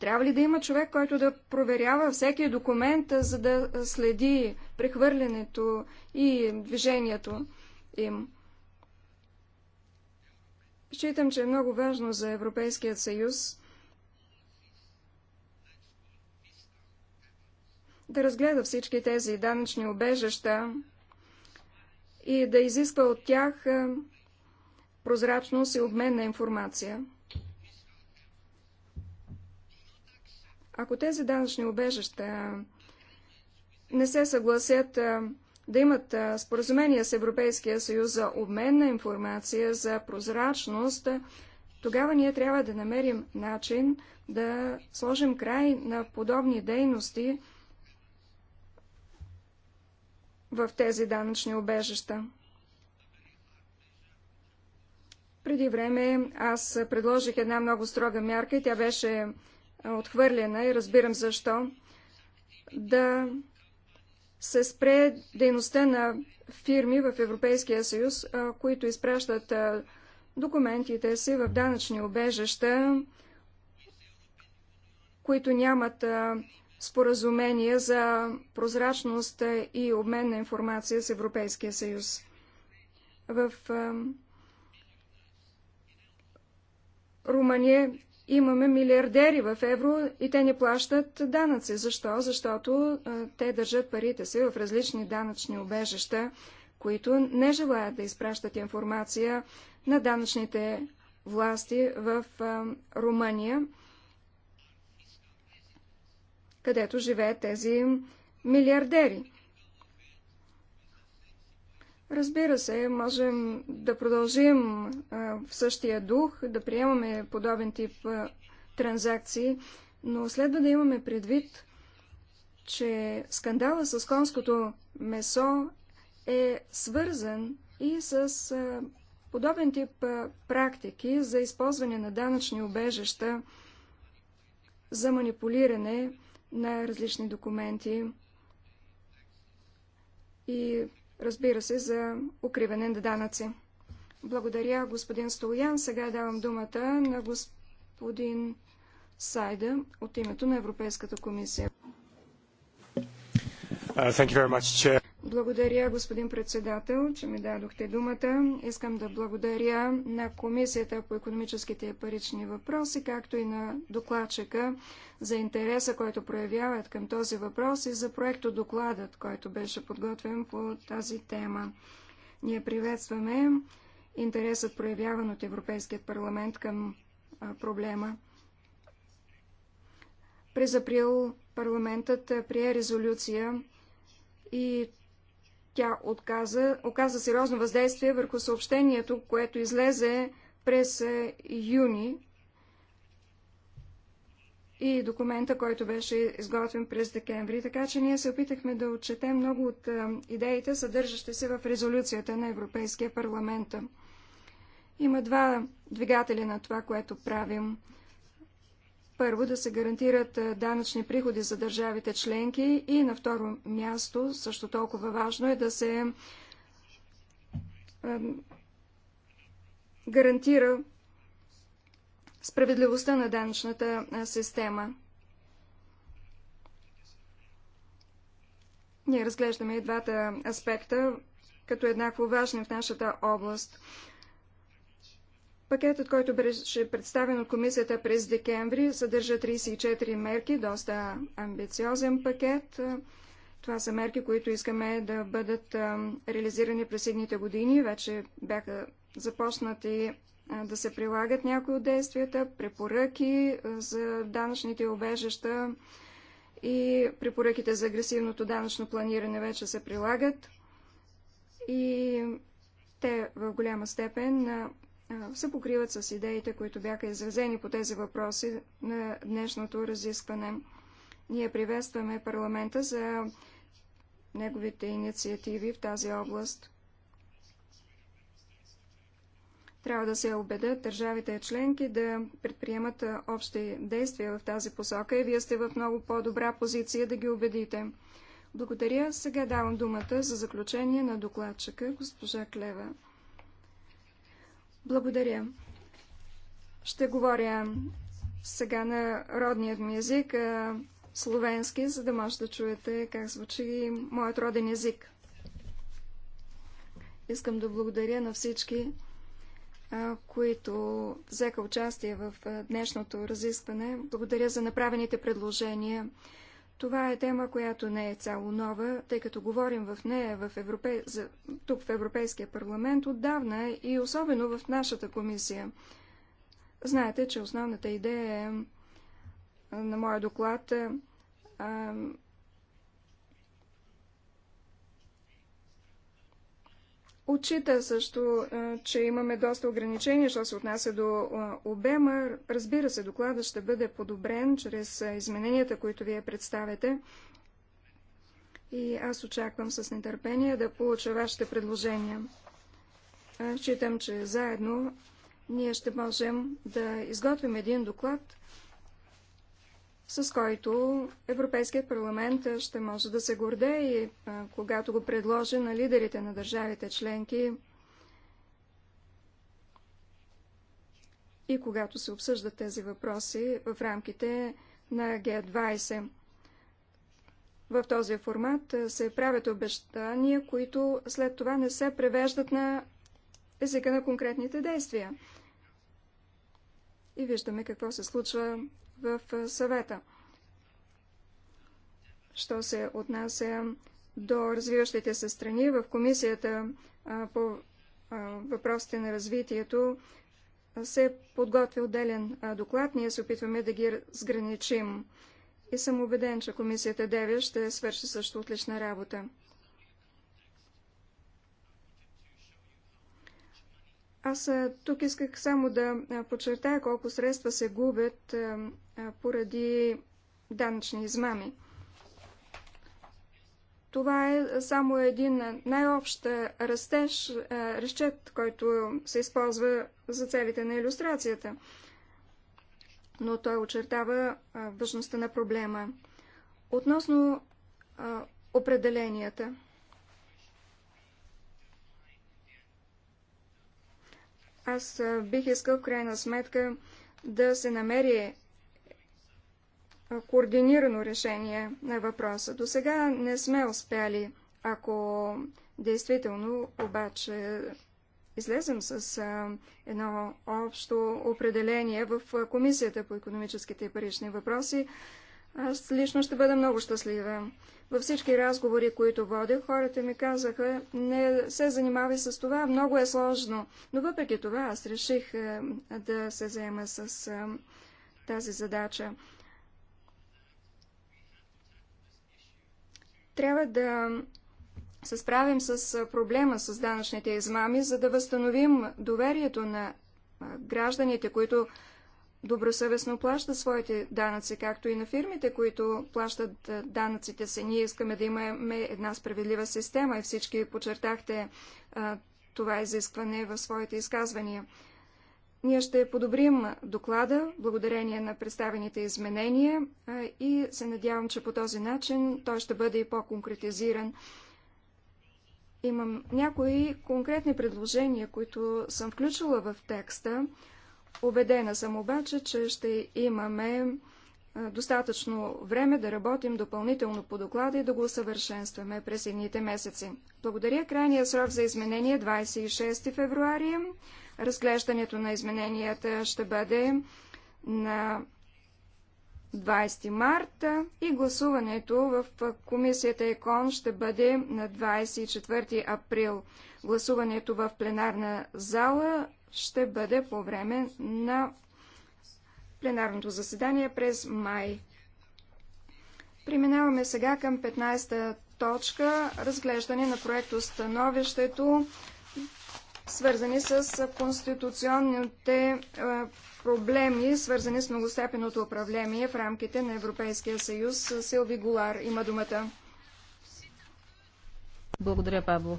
Трябва ли да има човек, който да проверява всеки документ, за да следи прехвърлянето и движението им? Считам, че е много важно за Европейският съюз да разгледа всички тези данъчни обежаща и да изисква от тях прозрачност и обмен на информация. Ако тези данъчни обежаща не се съгласят да имат споразумение с Европейския съюз за обмен на информация, за прозрачност, тогава ние трябва да намерим начин да сложим край на подобни дейности в тези данъчни обежища. Преди време аз предложих една много строга мярка и тя беше отхвърлена и разбирам защо. Да се спре дейността на фирми в Европейския съюз, които изпращат документите си в данъчни обежища, които нямат споразумение за прозрачност и обмен на информация с Европейския съюз. В Румъния Имаме милиардери в евро и те не плащат данъци. Защо? Защото а, те държат парите си в различни данъчни убежища, които не желаят да изпращат информация на данъчните власти в а, Румъния, където живеят тези милиардери. Разбира се, можем да продължим в същия дух, да приемаме подобен тип транзакции, но следва да имаме предвид, че скандала с конското месо е свързан и с подобен тип практики за използване на данъчни обежища за манипулиране на различни документи и разбира се, за укриване на данъци. Благодаря, господин Стоян, Сега давам думата на господин Сайда от името на Европейската комисия. Uh, much, благодаря, господин председател, че ми дадохте думата. Искам да благодаря на Комисията по економическите и парични въпроси, както и на докладчика за интереса, който проявяват към този въпрос и за проекто докладът, който беше подготвен по тази тема. Ние приветстваме интересът, проявяван от Европейският парламент към проблема. През април парламентът прие резолюция и тя отказа, оказа сериозно въздействие върху съобщението, което излезе през е, юни и документа, който беше изготвен през декември. Така че ние се опитахме да отчетем много от е, идеите, съдържащи се в резолюцията на Европейския парламент. Има два двигателя на това, което правим. Първо да се гарантират данъчни приходи за държавите членки и на второ място, също толкова важно е да се гарантира справедливостта на данъчната система. Ние разглеждаме и двата аспекта като еднакво важни в нашата област. Пакетът, който беше представен от комисията през декември, съдържа 34 мерки, доста амбициозен пакет. Това са мерки, които искаме да бъдат реализирани през едните години. Вече бяха започнати да се прилагат някои от действията, препоръки за данъчните обежища и препоръките за агресивното данъчно планиране вече се прилагат. И те в голяма степен се покриват с идеите, които бяха изразени по тези въпроси на днешното разискване. Ние приветстваме парламента за неговите инициативи в тази област. Трябва да се убедят държавите членки да предприемат общи действия в тази посока и вие сте в много по-добра позиция да ги убедите. Благодаря. Сега давам думата за заключение на докладчика, госпожа Клева. Благодаря. Ще говоря сега на родният ми език, словенски, за да може да чуете как звучи моят роден език. Искам да благодаря на всички, които взеха участие в днешното разискване. Благодаря за направените предложения. Това е тема, която не е цяло нова, тъй като говорим в нея в Европе... за... тук в Европейския парламент отдавна и особено в нашата комисия. Знаете, че основната идея е, на моя доклад е, е, Отчита също, че имаме доста ограничения, що се отнася до обема. Разбира се, докладът ще бъде подобрен чрез измененията, които вие представяте. И аз очаквам с нетърпение да получа вашите предложения. Считам, че заедно ние ще можем да изготвим един доклад, с който Европейският парламент ще може да се горде и когато го предложи на лидерите на държавите членки и когато се обсъждат тези въпроси в рамките на Г-20. В този формат се правят обещания, които след това не се превеждат на езика на конкретните действия. И виждаме какво се случва в съвета. Що се отнася до развиващите се страни, в комисията по въпросите на развитието се подготви отделен доклад. Ние се опитваме да ги сграничим. И съм убеден, че комисията 9 ще свърши също отлична работа. Аз тук исках само да подчертая колко средства се губят поради данъчни измами. Това е само един най-общ растеж, разчет, който се използва за целите на иллюстрацията. Но той очертава важността на проблема. Относно определенията. Аз бих искал в крайна сметка да се намери координирано решение на въпроса. До сега не сме успяли, ако действително обаче излезем с а, едно общо определение в Комисията по економическите и парични въпроси, аз лично ще бъда много щастлива. Във всички разговори, които водя, хората ми казаха, не се занимавай с това, много е сложно. Но въпреки това аз реших да се заема с тази задача. Трябва да се справим с проблема с данъчните измами, за да възстановим доверието на гражданите, които добросъвестно плащат своите данъци, както и на фирмите, които плащат данъците си. Ние искаме да имаме една справедлива система и всички подчертахте това изискване в своите изказвания. Ние ще подобрим доклада благодарение на представените изменения и се надявам, че по този начин той ще бъде и по-конкретизиран. Имам някои конкретни предложения, които съм включила в текста. Обедена съм обаче, че ще имаме достатъчно време да работим допълнително по доклада и да го усъвършенстваме през едните месеци. Благодаря. Крайният срок за изменение 26 е февруари. Разглеждането на измененията ще бъде на 20 марта и гласуването в комисията ЕКОН ще бъде на 24 април. Гласуването в пленарна зала ще бъде по време на пленарното заседание през май. Преминаваме сега към 15-та точка разглеждане на проекто становището свързани с конституционните е, проблеми, свързани с многостепенното управление в рамките на Европейския съюз. Силви Голар има думата. Благодаря, Павло.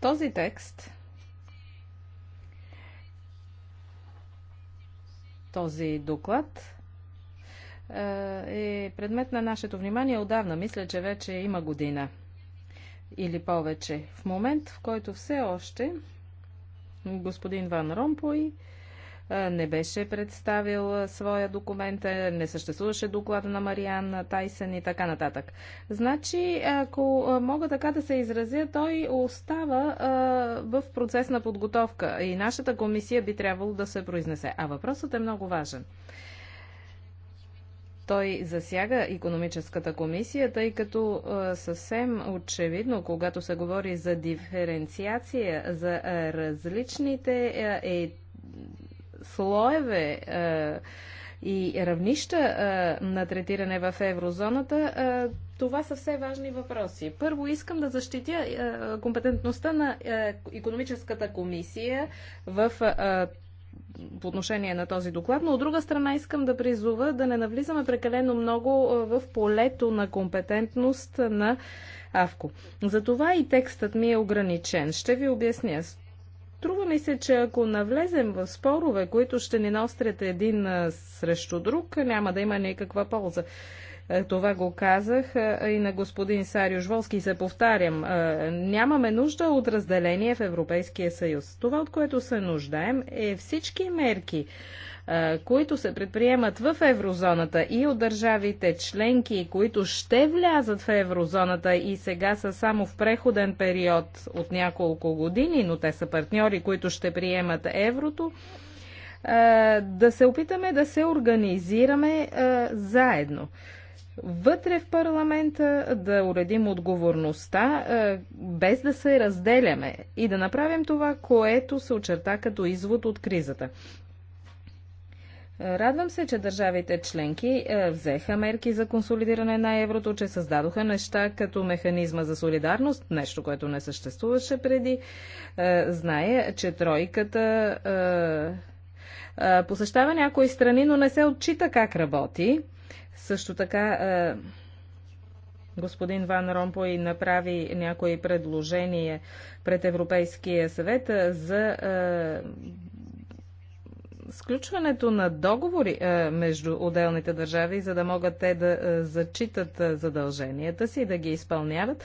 Този текст, този доклад е, е предмет на нашето внимание отдавна. Мисля, че вече има година или повече. В момент, в който все още господин Ван Ромпой не беше представил своя документ, не съществуваше доклада на Мариан Тайсън и така нататък. Значи, ако мога така да се изразя, той остава в процес на подготовка и нашата комисия би трябвало да се произнесе. А въпросът е много важен. Той засяга економическата комисия, тъй като съвсем очевидно, когато се говори за диференциация, за различните е, слоеве е, и равнища е, на третиране в еврозоната, е, това са все важни въпроси. Първо искам да защитя компетентността на економическата комисия в по отношение на този доклад, но от друга страна искам да призова да не навлизаме прекалено много в полето на компетентност на АВКО. Затова и текстът ми е ограничен. Ще ви обясня. Трува ми се, че ако навлезем в спорове, които ще ни настрят един срещу друг, няма да има никаква полза. Е, това го казах е, и на господин Сарио Жволски се повтарям. Е, нямаме нужда от разделение в Европейския съюз. Това, от което се нуждаем, е всички мерки, които се предприемат в еврозоната и от държавите членки, които ще влязат в еврозоната и сега са само в преходен период от няколко години, но те са партньори, които ще приемат еврото, да се опитаме да се организираме заедно вътре в парламента да уредим отговорността, е, без да се разделяме и да направим това, което се очерта като извод от кризата. Е, радвам се, че държавите членки е, взеха мерки за консолидиране на еврото, че създадоха неща като механизма за солидарност, нещо, което не съществуваше преди. Зная, че тройката посещава някои страни, но не се отчита как работи. Също така е, господин Ван Ромпой направи някои предложения пред Европейския съвет е, за е, сключването на договори между отделните държави, за да могат те да зачитат задълженията си и да ги изпълняват.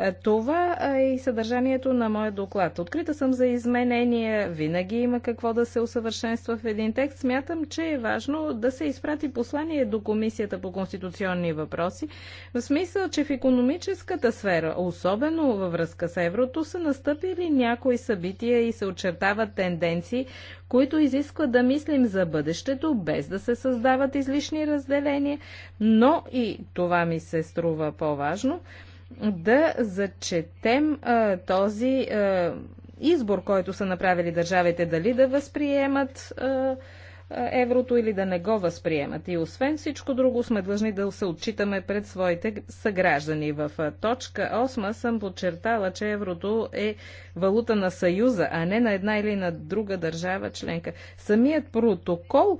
Е, това е и съдържанието на моя доклад. Открита съм за изменения, винаги има какво да се усъвършенства в един текст. Смятам, че е важно да се изпрати послание до Комисията по конституционни въпроси, в смисъл, че в економическата сфера, особено във връзка с еврото, са настъпили някои събития и се очертават тенденции, които изискват да мислим за бъдещето, без да се създават излишни разделения, но и това ми се струва по-важно – да зачетем а, този а, избор, който са направили държавите, дали да възприемат а, еврото или да не го възприемат. И освен всичко друго сме длъжни да се отчитаме пред своите съграждани. В точка 8 съм подчертала, че еврото е валута на Съюза, а не на една или на друга държава членка. Самият протокол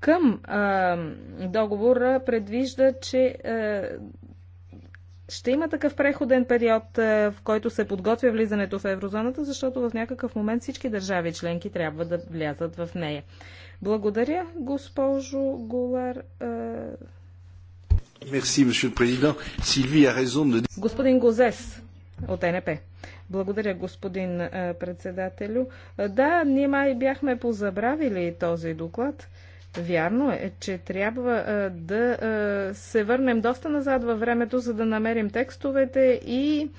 към а, договора предвижда, че а, ще има такъв преходен период, е, в който се подготвя влизането в еврозоната, защото в някакъв момент всички държави членки трябва да влязат в нея. Благодаря, госпожо Голар. Мерси, господин президент. Силви а резон да... Господин Гозес от НП. Благодаря, господин е, председателю. Е, да, ние май бяхме позабравили този доклад. Вярно е, че трябва а, да а, се върнем доста назад във времето, за да намерим текстовете и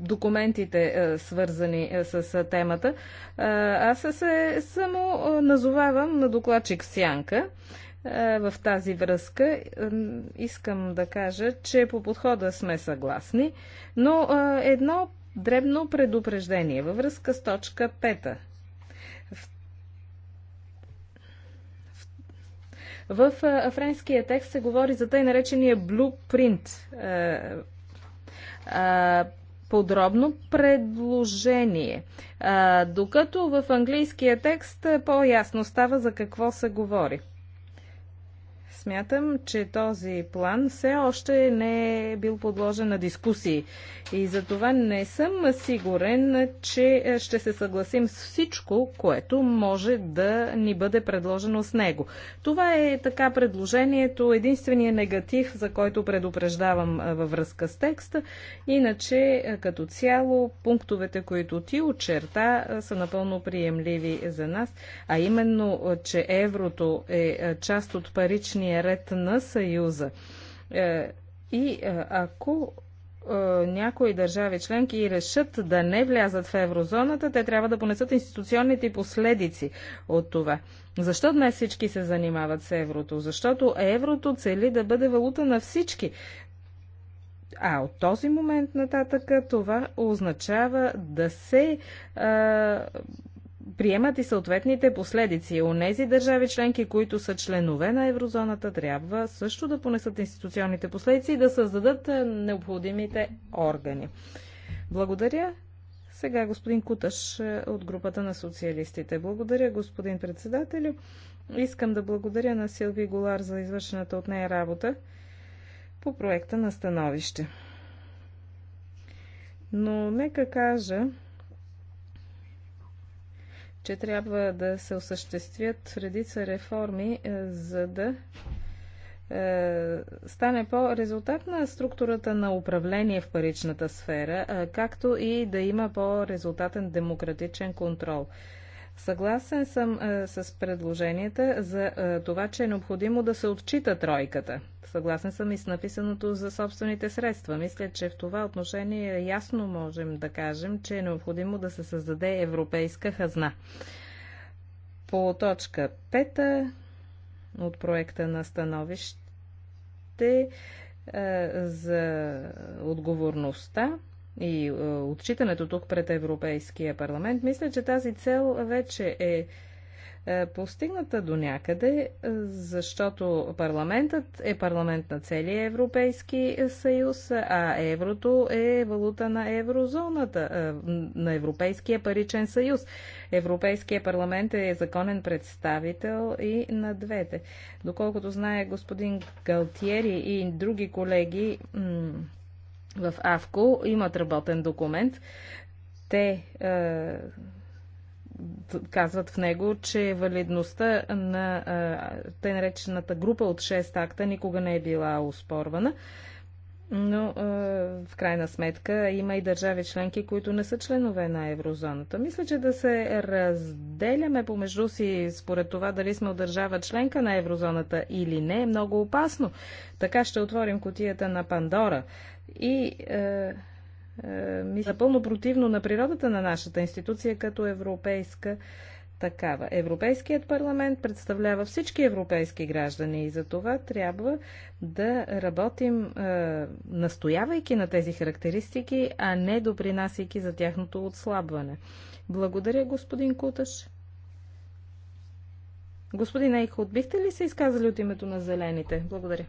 документите, свързани с темата. Аз се само назовавам на докладчик Сянка. В тази връзка искам да кажа, че по подхода сме съгласни, но едно дребно предупреждение във връзка с точка пета. В френския текст се говори за тъй наречения blueprint. Е, подробно предложение. докато в английския текст е, по-ясно става за какво се говори. Смятам, че този план все още не е бил подложен на дискусии и за това не съм сигурен, че е, ще се съгласим с всичко, което може да ни бъде предложено с него. Това е така предложението, единствения негатив, за който предупреждавам е, във връзка с текста. Иначе, е, като цяло, пунктовете, които ти очерта, са напълно приемливи за нас, а именно, че еврото е част от паричния дневния ред на Съюза. Е, и е, ако е, някои държави членки решат да не влязат в еврозоната, те трябва да понесат институционните последици от това. Защо днес всички се занимават с еврото? Защото еврото цели да бъде валута на всички. А от този момент нататък това означава да се а, приемат и съответните последици. Онези държави членки, които са членове на еврозоната, трябва също да понесат институционните последици и да създадат необходимите органи. Благодаря. Сега господин Куташ от групата на социалистите. Благодаря, господин председателю. Искам да благодаря на Силви Голар за извършената от нея работа по проекта на становище. Но нека кажа, че трябва да се осъществят редица реформи, е, за да е, стане по-резултатна структурата на управление в паричната сфера, е, както и да има по-резултатен демократичен контрол. Съгласен съм а, е, с предложенията за а, е, това, че е необходимо да се отчита тройката. Съгласен съм и с написаното за собствените средства. Мисля, че в това отношение ясно можем да кажем, че е необходимо да се създаде европейска хазна. По точка 5 от проекта на становище е, за отговорността и е, отчитането тук пред Европейския парламент, мисля, че тази цел вече е, е постигната до някъде, е, защото парламентът е парламент на целия Европейски съюз, а еврото е валута на еврозоната, на Европейския паричен съюз. Европейския парламент е законен представител и на двете. Доколкото знае господин Галтиери и други колеги, в АВКО имат работен документ. Те е, казват в него, че валидността на е, тъй наречената група от 6 акта никога не е била оспорвана. Но е, в крайна сметка има и държави членки, които не са членове на еврозоната. Мисля, че да се разделяме помежду си според това дали сме от държава членка на еврозоната или не е много опасно. Така ще отворим котията на Пандора и е, е, мисля пълно противно на природата на нашата институция като европейска такава. Европейският парламент представлява всички европейски граждани и за това трябва да работим е, настоявайки на тези характеристики, а не допринасяйки за тяхното отслабване. Благодаря, господин Куташ. Господин Ейхот, бихте ли се изказали от името на зелените? Благодаря.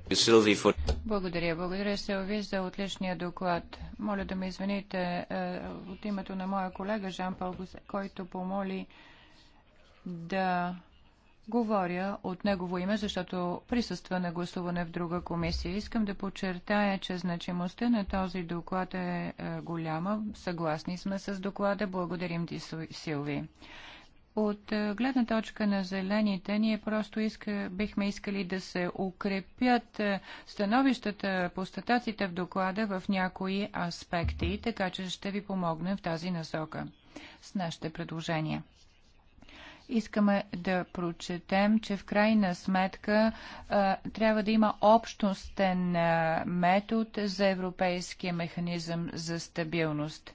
Благодаря. Благодаря, Силви, за отличния доклад. Моля да ме извините е, от името на моя колега Жан Пал, който помоли да говоря от негово име, защото присъства на гласуване в друга комисия. Искам да подчертая, че значимостта на този доклад е, е голяма. Съгласни сме с доклада. Благодарим ти, Силви. От е, гледна точка на зелените, ние просто иска, бихме искали да се укрепят е, становищата, по статаците в доклада в някои аспекти, така че ще ви помогнем в тази насока с нашите предложения искаме да прочетем, че в крайна сметка а, е, трябва да има общностен а, метод за европейския механизъм за стабилност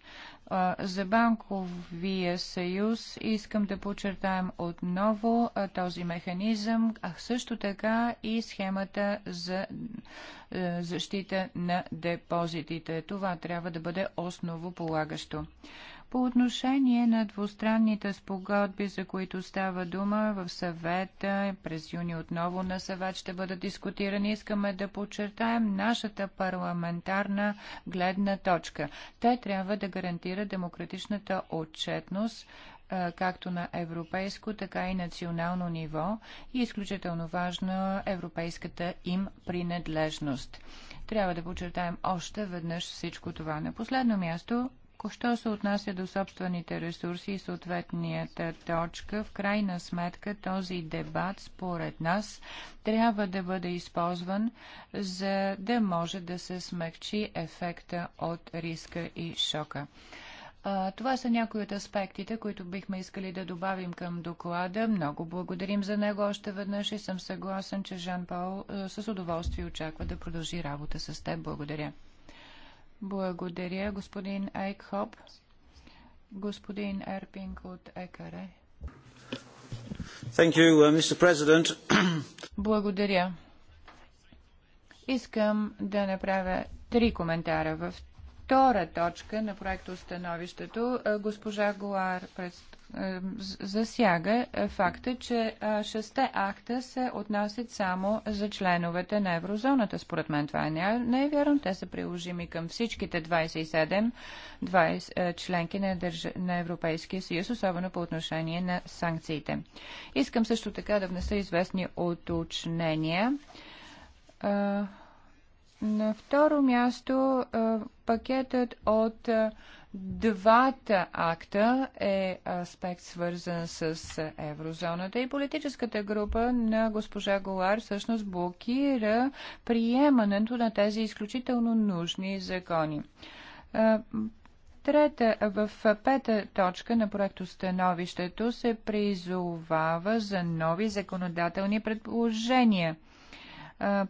за банковия съюз искам да подчертаем отново този механизъм, а също така и схемата за е, защита на депозитите. Това трябва да бъде основополагащо. По отношение на двустранните спогодби, за които става дума в съвета, през юни отново на съвет ще бъдат дискутирани, искаме да подчертаем нашата парламентарна гледна точка. Те трябва да гарантира демократичната отчетност както на европейско, така и национално ниво и е изключително важна европейската им принадлежност. Трябва да подчертаем още веднъж всичко това. На последно място Що се отнася до собствените ресурси и съответнията точка, в крайна сметка този дебат, според нас, трябва да бъде използван, за да може да се смягчи ефекта от риска и шока. Това са някои от аспектите, които бихме искали да добавим към доклада. Много благодарим за него още веднъж и съм съгласен, че Жан Паул с удоволствие очаква да продължи работа с теб. Благодаря. Благодаря, господин Айкхоп. Господин Ерпинг от ЕКАРЕ. Uh, *clears throat* Благодаря. Искам да направя три коментара в втора точка на проектостановището е, госпожа Голар през е, засяга е, факта, че шесте акта се отнасят само за членовете на еврозоната. Според мен това не е, не е вярно. Те са приложими към всичките 27 20, членки на, държ... на Европейския съюз, особено по отношение на санкциите. Искам също така да внеса известни уточнения на второ място е, пакетът от е, двата акта е аспект свързан с е, еврозоната и политическата група на госпожа Голар всъщност блокира приемането на тези изключително нужни закони. Трета, в пета точка на проекто становището се призовава за нови законодателни предположения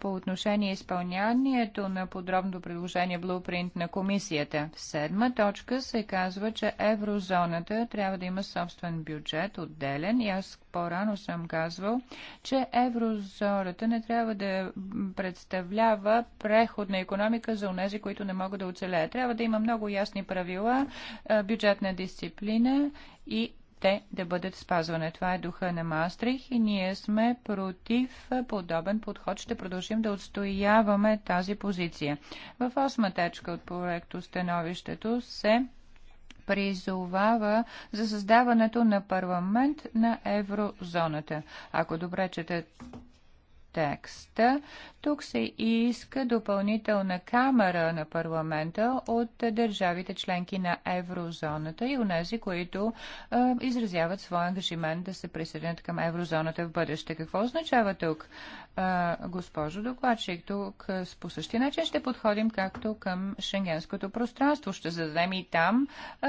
по отношение изпълнянието на подробното предложение Blueprint на комисията. В седма точка се казва, че еврозоната трябва да има собствен бюджет, отделен. И аз по-рано съм казвал, че еврозоната не трябва да представлява преходна економика за унези, които не могат да оцелеят. Трябва да има много ясни правила, бюджетна дисциплина и те да бъдат спазвани. Това е духа на Мастрих и ние сме против подобен подход. Ще продължим да отстояваме тази позиция. В осма течка от проекто становището се призовава за създаването на парламент на еврозоната. Ако добре чете текста. Тук се иска допълнителна камера на парламента от държавите членки на еврозоната и унези, които е, изразяват своя ангажимент да се присъединят към еврозоната в бъдеще. Какво означава тук, е, госпожо докладчик? Тук по същия начин ще подходим както към шенгенското пространство. Ще зададем и там е,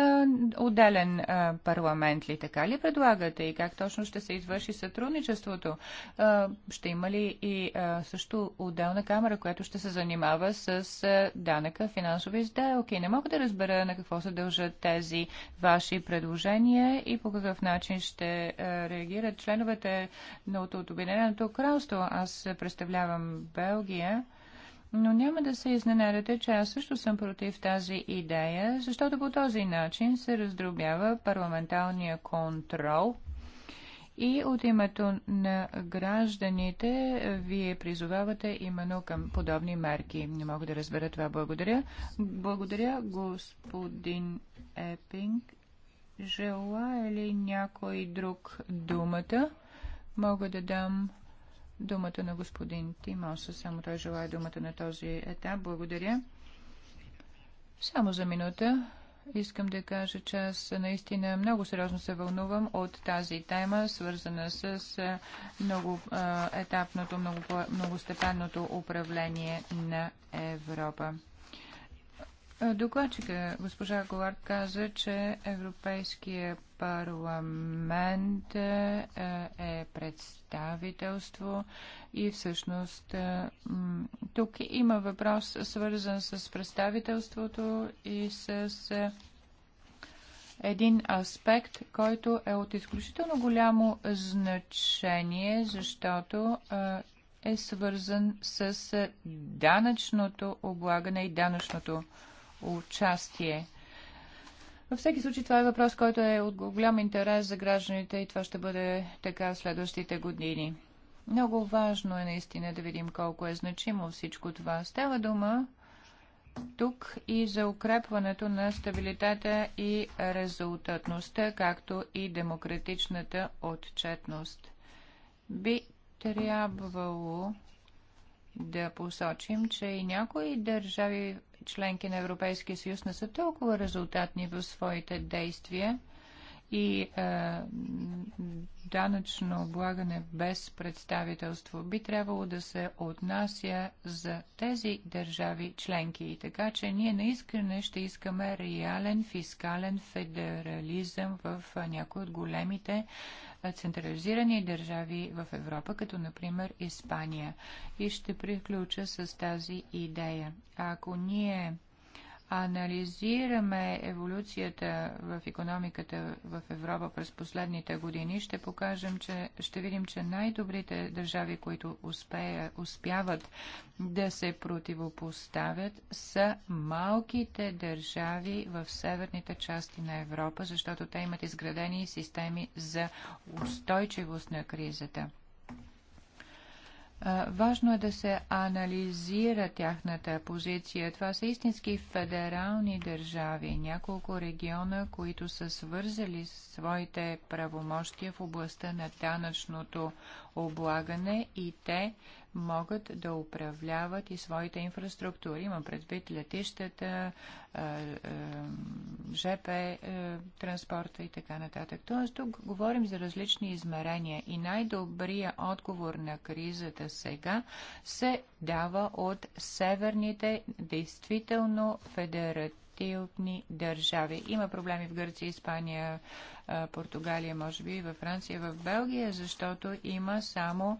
отделен е, парламент ли така ли предлагате и как точно ще се извърши сътрудничеството? Е, ще има ли и, а, също отделна камера, която ще се занимава с а, данъка финансови сделки. Не мога да разбера на какво се дължат тези ваши предложения и по какъв начин ще а, реагират членовете на от Обединеното кралство. Аз представлявам Белгия. Но няма да се изненадате, че аз също съм против тази идея, защото по този начин се раздробява парламенталния контрол и от името на гражданите е, вие призовавате именно към подобни мерки. Не мога да разбера това. Благодаря. Благодаря, господин Епинг. Желая ли някой друг думата? Мога да дам думата на господин Тимоса, само той желая думата на този етап. Благодаря. Само за минута Искам да кажа, че аз наистина много сериозно се вълнувам от тази тема, свързана с много етапното, много, многостепенното управление на Европа. Докладчика госпожа Голард каза, че Европейския парламент е, е представителство и всъщност е, тук има въпрос свързан с представителството и с е, един аспект, който е от изключително голямо значение, защото е свързан с данъчното облагане и данъчното участие. Във всеки случай това е въпрос, който е от голям интерес за гражданите и това ще бъде така в следващите години. Много важно е наистина да видим колко е значимо всичко това. Става дума тук и за укрепването на стабилитета и резултатността, както и демократичната отчетност. Би трябвало да посочим, че и някои държави членки на Европейския съюз не са толкова резултатни в своите действия и е, данъчно облагане без представителство би трябвало да се отнася за тези държави членки. И така, че ние наискрене ще искаме реален фискален федерализъм в е, някои от големите централизирани държави в Европа, като например Испания. И ще приключа с тази идея. Ако ние анализираме еволюцията в економиката в Европа през последните години, ще покажем, че ще видим, че най-добрите държави, които успея, успяват да се противопоставят, са малките държави в северните части на Европа, защото те имат изградени системи за устойчивост на кризата. Важно е да се анализира тяхната позиция. Това са истински федерални държави, няколко региона, които са свързали своите правомощия в областта на данъчното облагане и те могат да управляват и своите инфраструктури. Имам предвид летищата, е, е, ЖП е, транспорта и така нататък. Тоест тук говорим за различни измерения и най-добрият отговор на кризата сега се дава от северните действително федеративни държави. Има проблеми в Гърция, Испания, Португалия, може би и във Франция, в Белгия, защото има само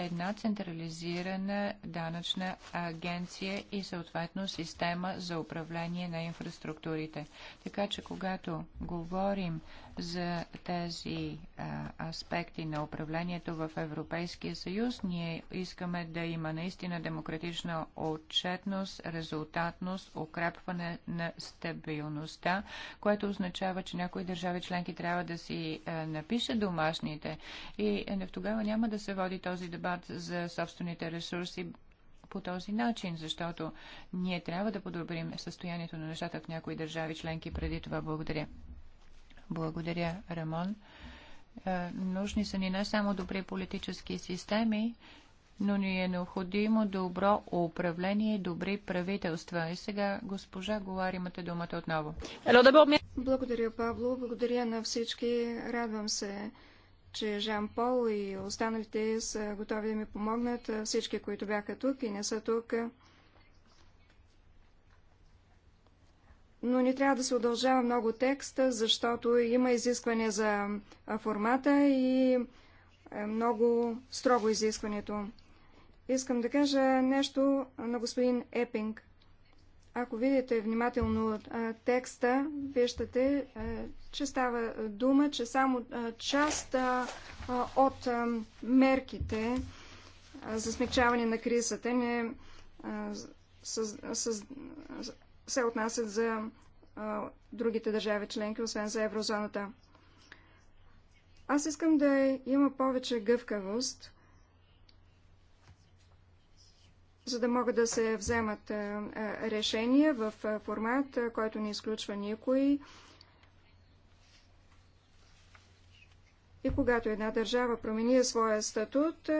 една централизирана данъчна агенция и съответно система за управление на инфраструктурите. Така че когато говорим за тези а, аспекти на управлението в Европейския съюз. Ние искаме да има наистина демократична отчетност, резултатност, укрепване на стабилността, което означава, че някои държави членки трябва да си а, напише домашните и е, не в тогава няма да се води този дебат за собствените ресурси по този начин, защото ние трябва да подобрим състоянието на нещата в някои държави членки преди това. Благодаря. Благодаря, Рамон. Е, нужни са ни не само добри политически системи, но ни е необходимо добро управление и добри правителства. И сега, госпожа Голар, имате думата отново. Благодаря, Пабло. Благодаря на всички. Радвам се, че Жан Пол и останалите са готови да ми помогнат. Всички, които бяха тук и не са тук. но не трябва да се удължава много текста, защото има изискване за формата и е много строго изискването. Искам да кажа нещо на господин Епинг. Ако видите внимателно текста, виждате, е, че става дума, че само част от мерките за смягчаване на кризата не се отнасят за а, другите държави членки, освен за еврозоната. Аз искам да има повече гъвкавост, за да могат да се вземат а, решения в а, формат, а, който не изключва никой. И когато една държава промени своя статут,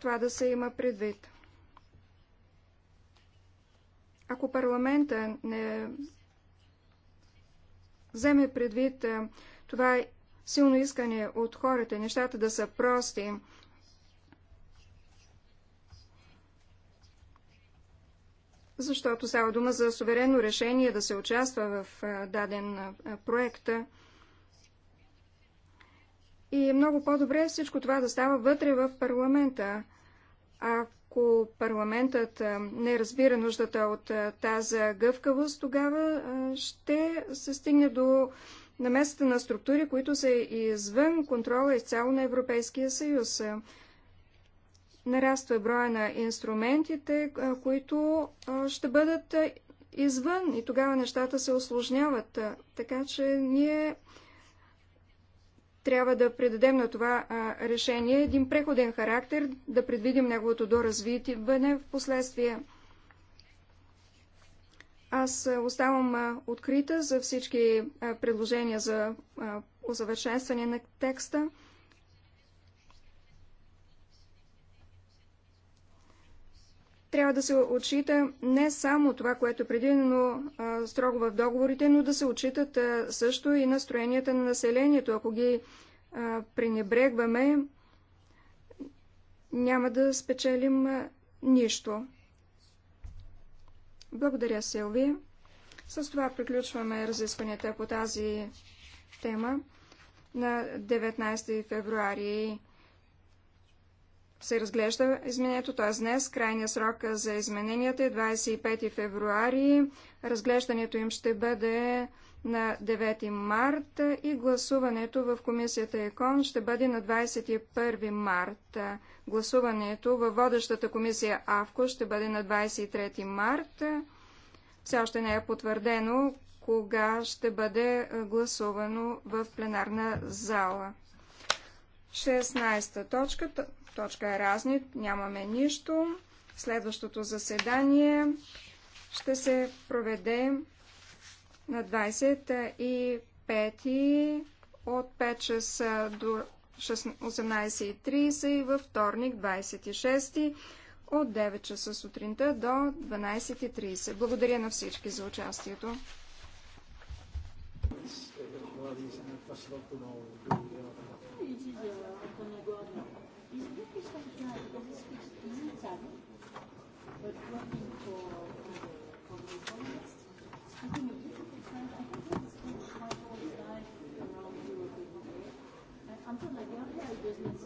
това да се има предвид. Ако парламента не вземе предвид е, това е силно искане от хората, нещата да са прости, защото става дума за суверенно решение да се участва в е, даден е, проект. И е много по-добре всичко това да става вътре в парламента. А ако парламентът не разбира нуждата от тази гъвкавост, тогава ще се стигне до наместа на структури, които са извън контрола изцяло на Европейския съюз. Нараства броя на инструментите, които ще бъдат извън и тогава нещата се осложняват. Така че ние трябва да предадем на това а, решение един преходен характер, да предвидим неговото доразвитиване в последствие. Аз оставам а, открита за всички а, предложения за усъвършенстване на текста. трябва да се отчита не само това, което е предвидено строго в договорите, но да се отчитат а, също и настроенията на населението. Ако ги а, пренебрегваме, няма да спечелим а, нищо. Благодаря, Силви. С това приключваме разискванията по тази тема. На 19 февруари се разглежда изменението, т.е. днес. Крайния срок за измененията е 25 февруари. Разглеждането им ще бъде на 9 март и гласуването в комисията ЕКОН ще бъде на 21 март. Гласуването във водещата комисия АВКО ще бъде на 23 март. Все още не е потвърдено кога ще бъде гласувано в пленарна зала. 16 точка Точка е разни. Нямаме нищо. Следващото заседание ще се проведе на 25 от 5 часа до 18.30 и във вторник 26 от 9 часа сутринта до 12.30. Благодаря на всички за участието. Иди, business